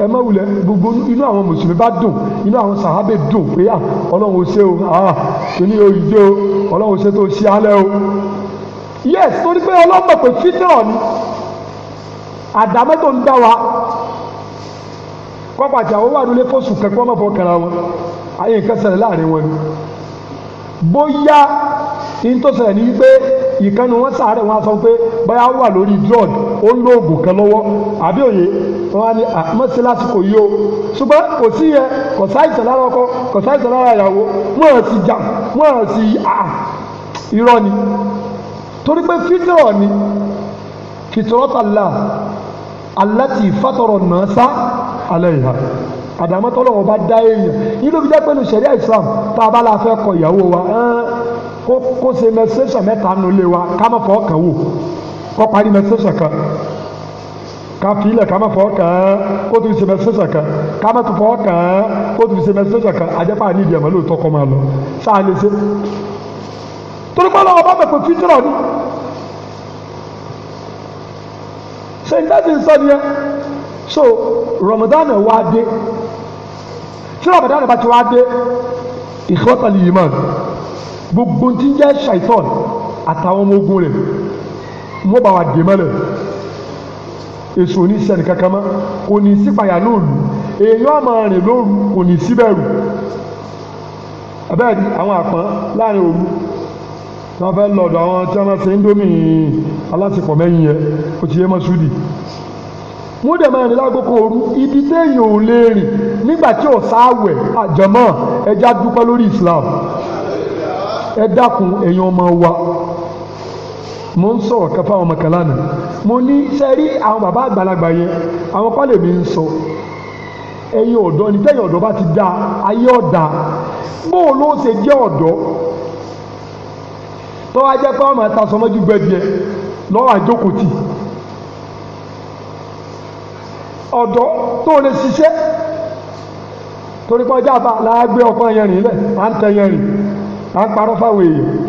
ẹ má wulẹ̀ gbogbo inú àwọn mùsùlùmí bá dùn inú àwọn sàhábẹ̀ dùn pé à ah, ọlọ́run ṣe o ah kìíní o ìdè o ọlọ́run ṣe tó ṣe alẹ́ o yes torí pé ọlọ́mọ pé fítọ̀ ni àdámẹ́tò ń dá wa kọ́pàtì àwọn wà lólé fóṣù kẹ́kọ́ ọmọ fọ́ kẹra wọn ayé nǹkan ṣẹlẹ̀ láàrin wọn ni bóyá ní tó ṣẹlẹ̀ ní wípé ìkànnì wọn sàárẹ̀ wọn sọ pé bóyá wà lórí drug ó ń lo oògùn kan lọ́wọ́ àbí òye wọn á ní àmọ́sí lásìkò yìí o ṣùgbọ́n kò sí yẹ kò sáìsàn lára ọkọ kò sáìsàn lára ìyàwó wọn à sì jà wọn à sì irọ́ ni torí pé fítírọ̀ ni fìtìrọ́tàlá aláti ìfàtọ̀rọ̀ náà sá alẹ́ ìhà àdámọ́tọ́lọ́wọ́ bá dá èèyàn yìí ló fi jẹ́ pẹ̀lú sẹ̀ríà Islam tá a bá la fẹ́ kọ ìyàwó wa kó ṣe mẹsẹ̀sẹ̀ mẹ́ta nulẹ̀ wa ká má fọ́ kàn wò kọ́ parí mẹsẹ̀sẹ̀ kan ká fi ilẹ̀ ká má fọ́ kàn án kó tún fi ṣe mẹsẹ̀sẹ̀ kan ká má tún fọ́ kàn án kó tún fi ṣe mẹsẹ̀sẹ̀ kan àjẹpá ní ìdí ẹ̀mọ́ lóòótọ́ kọ́ máa lọ sáà lè ṣe torí pé ọlọ́wọ́ bá bẹ̀ pé fítírọ̀ ni ṣe nǹkan ti ń sọ nìyẹn so Ramadan wá dé tí Ramadan bá ti wá dé ìkọ́tàlì yìí mọ̀ gbogbo ti jẹ́ ṣàìtọ́n àtàwọn ọmọ ogun rẹ̀ wọ́n bá wa dè mọ́lẹ̀ èso ní sẹ́ni kankan mọ́ kò ní sípayà lóòlù èèyàn ọmọ rìn lóòlù kò ní síbẹ̀rù abẹ́ẹ̀dì àwọn àpọ́n láàrin òru tí wọ́n fẹ́ lọ́dọ̀ àwọn tí wọ́n ṣe ń dómì alásìkò mẹ́yìn yẹn ó ti yé mọ́ súdì wọ́n dẹ̀ máa rìn lágbókò òru ibi téèyàn ò lè rìn nígbà tí ò sáwẹ̀ àjọmọ́ ẹja dúpẹ́ lórí Islam ẹ dákun èèyàn ọmọ wa mo ń sọ̀rọ̀ kan fáwọn ọmọkànlá mi mo ní ṣe rí àwọn bàbá àgbàlagbà yẹn àwọn pálẹ̀ mi ń sọ ẹ̀yin ọ̀dọ́ ni tẹ́yin ọ̀dọ́ bá ti da ayé ọ̀dà bóun ló ṣe jẹ́ ọ̀dọ́ tó wá jẹ́ pé ọmọ ẹ̀ta sọmọ́jú gbẹ̀dìẹ lọ́wọ́ àjókòtì ọ̀dọ́ tó lè ṣiṣẹ́ torí pé ọjà bá láàgbé ọpọ́n yẹn rìn lẹ̀ à ń tẹ yẹn rìn à ń parọ́ fáwọn èèyàn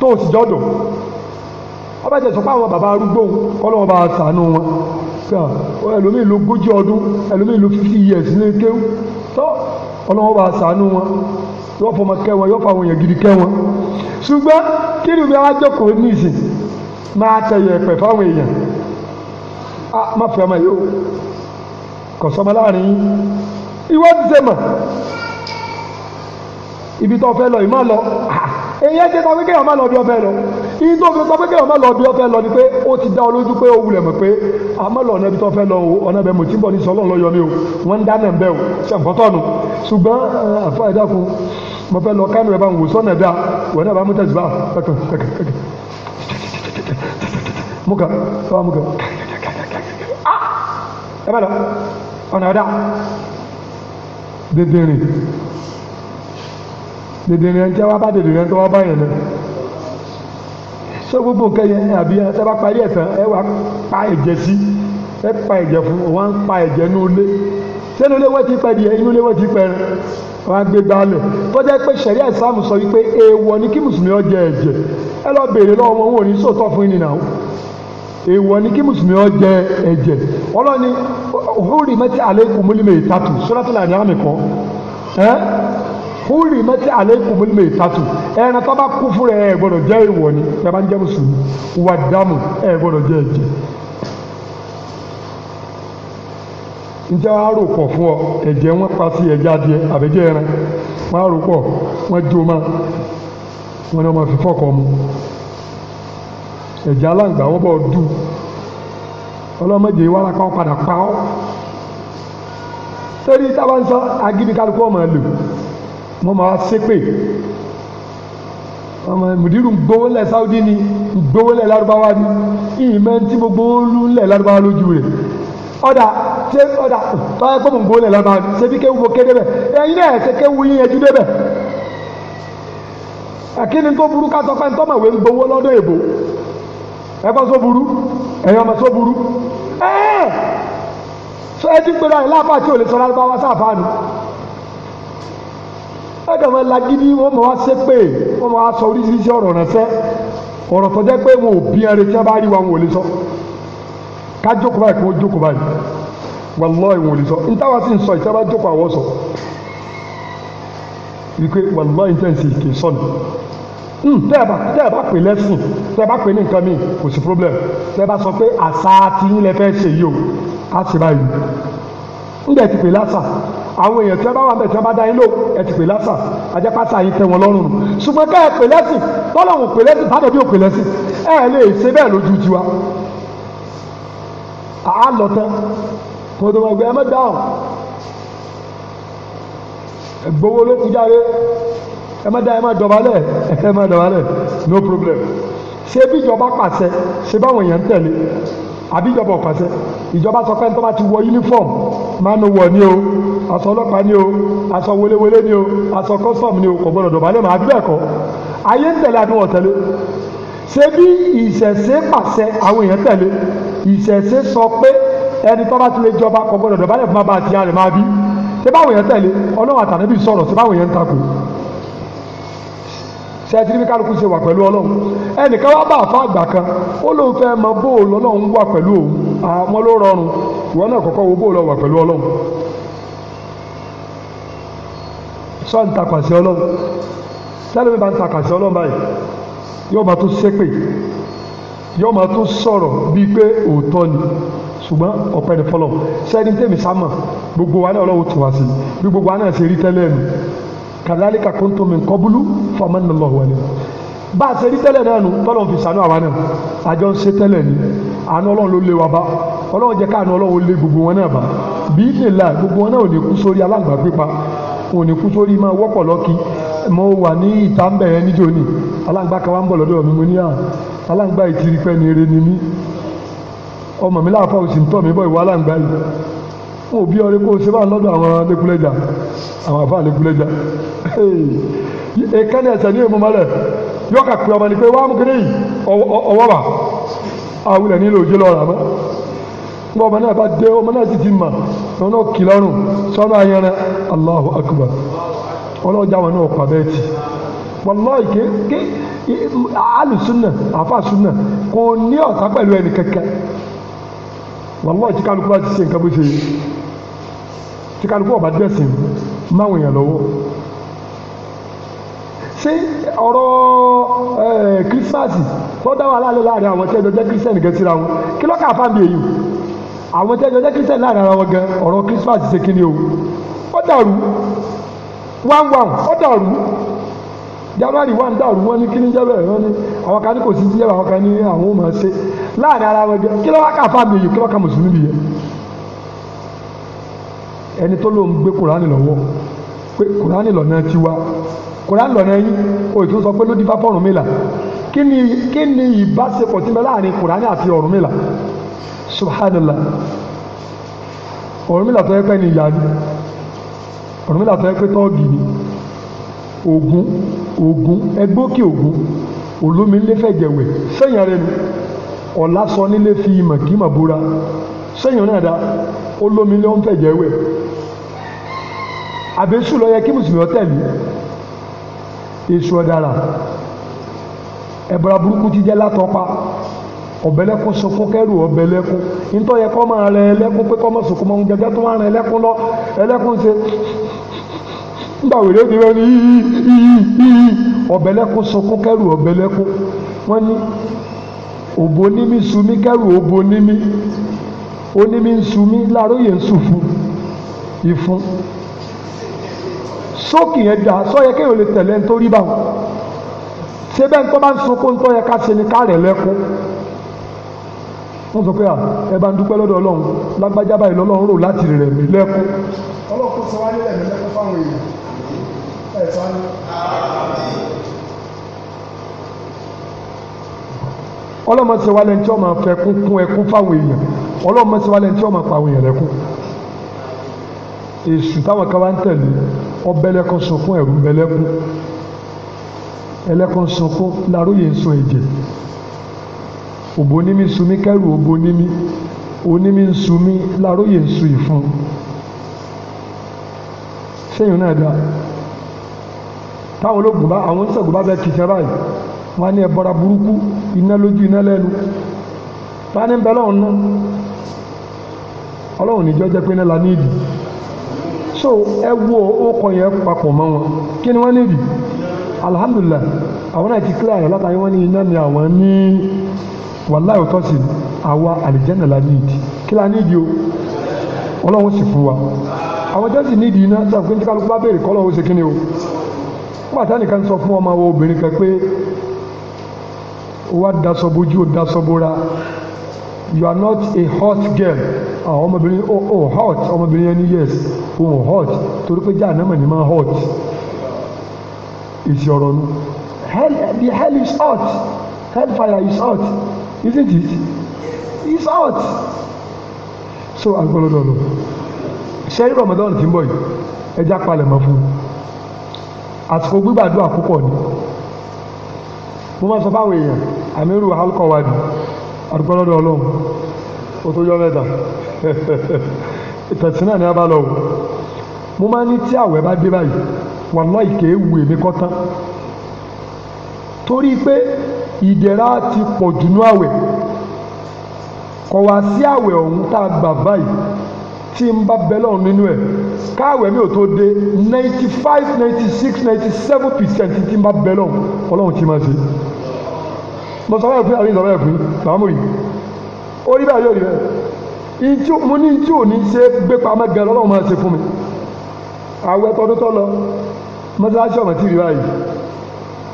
tó sì jọ́dọ̀ ọba tẹ̀sán pé àwọn bàbá arúgbó ọlọ́wọ́n bá sànú wọn ẹlòmíì ló gójì ọdún ẹlòmíì ló fifty years ní kéwù tọ́ ọlọ́wọ́n bá sànú wọn yóò fọmọ kẹwọn yóò fọ àwọn èèyàn gidi kẹwọn ṣùgbọ́n kí ni ìwé alájọkòó ní ìsìn máa tẹ̀yẹ̀ pẹ̀ fáwọn èèyàn a má fẹ́ ọmọ yìí o kò sọmọ láàrin ìwọ ti ṣe mọ̀ ibi tó fẹ́ lọ ìmọ̀ lọ èyí ẹ jẹ́ ta wíkẹ́ ọmọ lọ bí ọ fẹ́ lọ yìí tó fi sọ pé kéèyàn má lọ bí ọ fẹ́ lọ ni pé ó ti dá ọ lójú pé ó wulẹ̀ mọ̀ pé àmọ́ lọ ọ̀nà ibi tó fẹ́ lọ o ọ̀nà ibẹ̀ mo ti bọ̀ ní sọ ọlọ́run lọ́yọ̀ mi o wọ́n ń dáná bẹ́ẹ̀ o ṣàǹkọ́tọ̀nù ṣùgbọ́n àfa ìdákun mo fẹ́ lọ kánú ẹ̀ bá ń wò sọ́nà dáa wọ́n náà bá mú tẹ̀síbá kẹ̀kẹ̀ kẹ̀kẹ̀ mú kàn bá mú kàn ah! ẹ bá lọ ọ̀nà ọ̀dà dèdèrè dèdèrè ẹ̀ ń tẹ́ wá bá dèdèrè ẹ̀ ń tọ́ wá bá yẹn náà so gbogbo nǹkan yẹn àbí ẹ bá parí ẹ̀ tán ẹ wá pa ẹ̀jẹ̀ sí ẹ pa ẹ̀jẹ̀ fún wọn pa ẹ̀jẹ̀ ní olé sẹ́nu ilé wọ́n ti pẹ́ di inú ilé wọ́n ti pẹ́ rẹ̀ wọ́n á gbé gbálẹ̀ tó jẹ́ pé sẹ̀rí àìsàmù sọ wípé èèwọ̀ ni kí mùsùlùmí ó jẹ ẹ̀jẹ̀ ẹ lọ béèrè lọ́wọ́ wọn wọn ò ní sòótọ́ fún yín nìyàwó èèwọ̀ ni kí mùsùlùmí ó jẹ ẹ̀jẹ̀ ọlọ́ni húrì mẹ́tí alẹ́ kùmúlímẹ̀ ìtàtù sọ́dọ̀tìlà ní àmì kan húrì mẹ́tí aleikumul maitatu ẹran tó bá kú fúnra ẹ gbọ́dọ̀ jẹ́ ìwọ ni ẹ bá ń jẹ́ mùsùlùmí wà dáàmú ẹ gbọ́dọ̀ jẹ́ ẹ̀jẹ̀. njẹ́ wàá rò pọ̀ fún ọ ẹ̀jẹ̀ wọn pa sí ẹ̀jẹ̀ adìẹ àbẹ̀jẹ̀ ẹran rò pọ̀ jó fi fọ́kọ̀ mu ẹ̀jẹ̀ aláǹgbá wọ́n bọ̀ dù ọlọ́mọdé wàràkà wọn padà pa ọ́ sẹ́ni táwọn sọ agídí kálukú ọmọ wọ́n máa ṣépè ọmọ mùdírù ń gbowó lẹ̀ sáúdí ni ń gbowó lẹ̀ lárúbáwá ni ìyìn mẹ́rin tí gbogbo ń lù lẹ̀ lárúbáwá lójú rẹ̀ ọ̀dà ṣé ọ̀dà tọ́yẹ pé mò ń gbowó lẹ̀ lárúbáwá ni ṣé bí kéwu mo ké débẹ̀ ẹ̀yin náà ṣe kéwu yín yẹjú débẹ̀ àkíní tó burú ká sọ pé ntọ́ mọ̀ ń gbowó lọ́dọ̀ èbó ẹ̀kọ́ só burú ẹ̀yin ọmọ só burú ẹ̀ẹ́ sọ ẹ ti gbéra ẹ̀ láàpá tí ò ẹ̀kàn máa lagídí wọ́n máa wá ṣépè wọ́n máa wá sọ oríṣiríṣi ọ̀rọ̀ ránṣẹ́ ọ̀rọ̀ tó jẹ́ pé wọn ò bí ẹrẹ tí wọ́n bá rí wa wọn ò lè sọ ká jókòó báyìí kó jókòó báyìí wàlọ́ọ̀ wọn ò lè sọ ntáwa sì ń sọ ìtẹ́ bá jókòó àwọ̀ sọ wípé wàlọ́ọ̀ ìtẹ́ sì kè sọnù tẹ́ ẹ bá tẹ́ ẹ bá pè lẹ́sìn tẹ́ ẹ bá pè ní nǹkan míì kò sí problem tẹ́ ẹ bá sọ pé àṣà tí yín lẹ fẹ́ ṣe yìí o á ṣe báyìí ń bẹ̀ ti pè lásà àwọn èèyàn tí wọ́n bá wà bẹ̀ tí wọ́n bá dá yín lò ẹ ti pè lásán ajẹ́pátá yín tẹ wọn lọ́rùn ṣùgbọ́n ká ẹ pè lẹ́sìn tọ́lọ́hùn pè lẹ́sìn bá dẹ̀bí ò pè lẹ́sìn ẹ lè ṣe bẹ́ẹ̀ lójú tiwa àá lọ tán kòtòmọ̀gbẹ́ ẹ mọ́ dáhùn gbowó ló kú jáde ẹ má da ẹ má dọ̀bálẹ̀ ẹ má dọ̀bálẹ̀ no problem ṣé bí ìjọba pàṣẹ ṣé báwọn èèyàn ń tẹ̀lé àbí ìjọba ò pàṣẹ ìjọba sọ pé tó bá ti wọ uniform máa ń wọ ni o aṣọ ọlọ́pàá ni o aṣọ welewele ni o aṣọ kọ́sọ̀mù ni o kò gbọ́dọ̀ dọ̀bálẹ̀ mọ́ àbí bẹ́ẹ̀ kọ́ ayé ń tẹ̀lé àbí wọ́n tẹ̀lé ṣé bí ìṣẹ̀ṣe pàṣẹ àwọn èèyàn tẹ̀lé ìṣẹ̀ṣe sọ pé ẹni tó bá ti lè jọba kò gbọ́dọ̀ dọ̀bálẹ̀ fún bàbá àti ìyá rẹ̀ máa bí ṣé báwọn èèyàn tẹ̀lé ọlọ́run àtàlẹ́bí sọ̀rọ̀ ṣé báwọn èèyàn ń takò sẹ́ẹ̀tìrì bí kálukú ṣe wà pẹ̀lú ọlọ́run ẹnìkan wá bá àfa àgbà kan ó lóun fẹ́ mọ bóòlù ọlọ́run wà pẹ̀lú òun àwọn ló rọrùn ìwọ náà kọ́kọ́ wo bóòlù ọwà pẹ̀lú ọlọ́run sọ ń takàsí ọlọ́run tẹ́lẹ̀ mi bá ń takàsí ọlọ́run báyìí yóò máa tún ṣépè yóò máa tún sọ̀rọ̀ bíi pé òótọ́ ni ṣùgbọ́n ọ̀pẹ ní fọlọ́ sẹ́ni tèmi sámọ̀ gbogbo wa náà ọlọ́run tù wá sí bí gbogbo wa náà ṣe rí tẹ́lẹ̀ nù kàdálíkà kóńtó mi kọ́búlú fọmọ́nìlọ́wọ́ ni bá a ṣe rí tẹ́lẹ̀ náà nù tọ́lọ́run fi ṣàánú àwa náà àjọ ń ṣe tẹ́lẹ̀ ni àánú ọlọ́run ló lé wa bá ọlọ́run jẹ́ káàánú ọlọ́run lé gbogbo wọn náà bá bí ìlẹ̀ gbogbo wọn náà ò ní kú sórí alágbàá pípa òun ní kú sórí máa wọ́pọ̀ lọ́kì mo wà ní ìta ń bẹ̀rẹ̀ níjó ni aláǹgbá kan wá ń bọ̀ lọ́dọ̀ mi mo ní à aláǹgbá ìtìrí pẹ́ ni eré ni mí ọmọ mi láàfọ̀ òsì ń tọ̀ mí bọ̀ ìwà aláǹgbá yìí mo bí ọ̀rẹ́ kó o ṣe bá ń lọ́dọ̀ àwọn lẹ́kúlẹ́jà àwọn àfa lẹ́kúlẹ́jà ni pé wàá mú ọwọ́ àwùlẹ̀ bọ́ ọmọ náà bá dé ọmọ náà sì ti mà ọmọ náà kì lọ́rùn sọ́nà ayẹrẹ Allahu Akbar ọlọ́jà wọn náà pàbẹ́ tì wallahi ké alùsùnà àfàsùnà kò ní ọ̀tá pẹ̀lú ẹnì kankan wallahi tí kálukú bá ti ṣe nǹkan bó ṣe tí kálukú ọba dẹ́sìn máwọn èèyàn lọ́wọ́ ṣé ọ̀rọ̀ kírísímàsì tó dá wàhálà lé láàrin àwọn tí ẹjọ́ jẹ́ kírísítẹ́nì gẹ̀ẹ́sì ra wọn kí lọ́kà fáńbì èyí àwọn tẹ́jọ́ jẹ́ kírísítẹ̀ láàrin ara wọn gan ọ̀rọ̀ Christmas ṣe kí ni o ó dàrú one one ó dàrú January one dàrú wọ́n ní kí ni jẹ́bẹ̀ wọ́n ní àwọn kan ní kò sí sí jẹ́bẹ̀ àwọn kan ní àwọn ò máa ṣe láàrin ara wọn gan kí ló wá ká fáàmì èyí kí ló ká mùsùlùmí yẹn ẹni tó lóun gbé Kùránì lọ́wọ́ pé Kùránì lọ́nà tiwa Kùránì lọ́nà yín o ì tún sọ pé ló dífá fọ́rùn mi kí ni ìbáṣepọ̀ tí ń láàrin Kùránì àti Ọ̀rúnmìlà subhanallah Ọ̀rúnmìlà tó yẹ pé ní ìyá ni Ọ̀rúnmìlà tó yẹ pé tọ́ọ̀gì ni Ògún Ògún ẹgbókè Ògún olómi ńlẹ fẹ̀jẹ̀wẹ̀ sẹ́yìn rẹ nu ọ̀la sọ nílé fi ìmọ̀ kí mà búra sẹ́yìn náà dá olómi ńlẹ ń fẹ̀jẹ̀wẹ̀ àbẹ̀sù lọ yẹ kí mùsùlùmí ọ tẹ̀lé èso ọ̀dàrà ẹ̀bọ̀ra burúkú ti jẹ́ látọ̀pa ọ̀bẹ̀lẹ́kún sunkún kẹ́rù ọ̀bẹ̀lẹ́kún nítorí yẹ kọ́ máa rẹ ẹlẹ́kún pé kọ́ máa sunkún máa ń jẹjẹ tó máa rẹ ẹlẹ́kún lọ ẹlẹ́kún ṣe nígbà wèrè ti rẹ ní yíyí yíyí yíyí ọ̀bẹ̀lẹ́kún sunkún kẹ́rù ọ̀bẹ̀lẹ́kún wọ́n ní òbò nímí sumi kẹ́rù òbò nímí onímí sumi láróyè ń sùfún ìfún sókì yẹn dà sọ yẹ kéèyàn lè tẹ̀lé nítorí báwọn ṣé bẹ́ẹ̀ ń tọ́ bá ń sunkún ń tọ́ yẹ ká ṣe ni ká rẹ̀ lẹ́kún wọ́n sọ pé à ẹ bá ń dúpẹ́ lọ́dọ̀ ọlọ́run lágbájá báyìí lọ́lọ́run rò láti rẹ̀ mí lẹ́kún. ọlọ́kùn sọ wá nílẹ̀ mi lẹ́kún fáwọn èèyàn ẹ̀ sọ́ni. ọlọ́mọ ṣe wá lẹ́ni tí ó máa fẹ́ kún kún ẹkún fáwọn èèyàn ọlọ́mọ ṣe wá lẹ́ni tí ó máa pa àwọn èèyàn lẹ́kún. èṣù táwọn kan wá ń tẹ̀lé ọbẹ̀lẹ́kan sunkún ẹ̀rù bẹ̀lẹ́kún ẹlẹ́kan sunkún laróye ń sun ẹ̀jẹ̀ òbò ní mi sun mí sumi òbò ní mi òní mi ń sun mí láróyè ń sun ìfun sẹ́yìn náà dá táwọn ológun bá àwọn oníṣègùn bá bẹ́ẹ̀ kìkẹ́ báyìí wọ́n á ní ẹ̀bọra burúkú iná lójú iná lẹ́nu ta ni bẹ lọ́run náà ọlọ́run níjọ́ jẹ́ pé náà la nídìí so ẹ wo ọkọ̀ yẹn papọ̀ mọ́ wọn kí ni wọ́n nídìí alhamdulilayi àwọn náà ti kílẹ̀ àyọ̀ látàrí wọ́n ní iná ni àwọn ní wàláyé ọ̀tọ̀ sí àwa àlìjẹ́nà la níìdì kí la níìdì o ọlọ́run sì fún wa àwọn jẹ́sì níìdì iná sàfù kí kálukú bá béèrè kọ́lọ́run ṣe kíni o pàtà nìkan sọ fún ọmọ àwọn obìnrin kan pé wá daṣọ bojú daṣọ bora you are not a hot girl ọmọbìnrin oh, oh hot ọmọbìnrin yẹn yes oh hot torí pé jáà náà mà ní máa hot ìṣòro nu hell the hell is hot hell fire is hot isn't it it's out so agbọ́lọ́dọ̀ lọ ṣe rí Ramadan tí ń bọ̀ yìí ẹja palẹ̀ mọ́ fún un àsìkò gbígbàdúrà púpọ̀ ni mo máa sọ fáwọn èèyàn àmírù alkọ̀wádì agbọ́lọ́dọ̀ ọlọ́run ó tó yọ mẹ́ta ìtẹ̀sí náà ni a bá lọ wò mo máa ní tí àwẹ̀ bá dé báyìí wàláì kéwù èmi kọ́ tán torí pé ìdẹ̀ra ti pọ̀ jùnú àwẹ̀ kọ̀ wá sí àwẹ̀ ọ̀hún tá a gbà báyìí tí n bá bẹ lọ́run nínú ẹ̀ káàwé mi ò tó dé ninety five ninety six ninety seven percent tí n bá bẹ lọ́run ọlọ́run ti máa ṣe mo sọ báyìí fún àwọn ìsọ̀rọ̀ ẹ̀ bàbá mi rí ó rí báyìí ó rí mo ní tí ò ní ṣe gbé pamọ́ gan lọ́run máa ṣe fún mi àwẹ̀ tọdún tọ́ lọ mọ́tàlá ṣọ̀mọ̀ rí báyìí.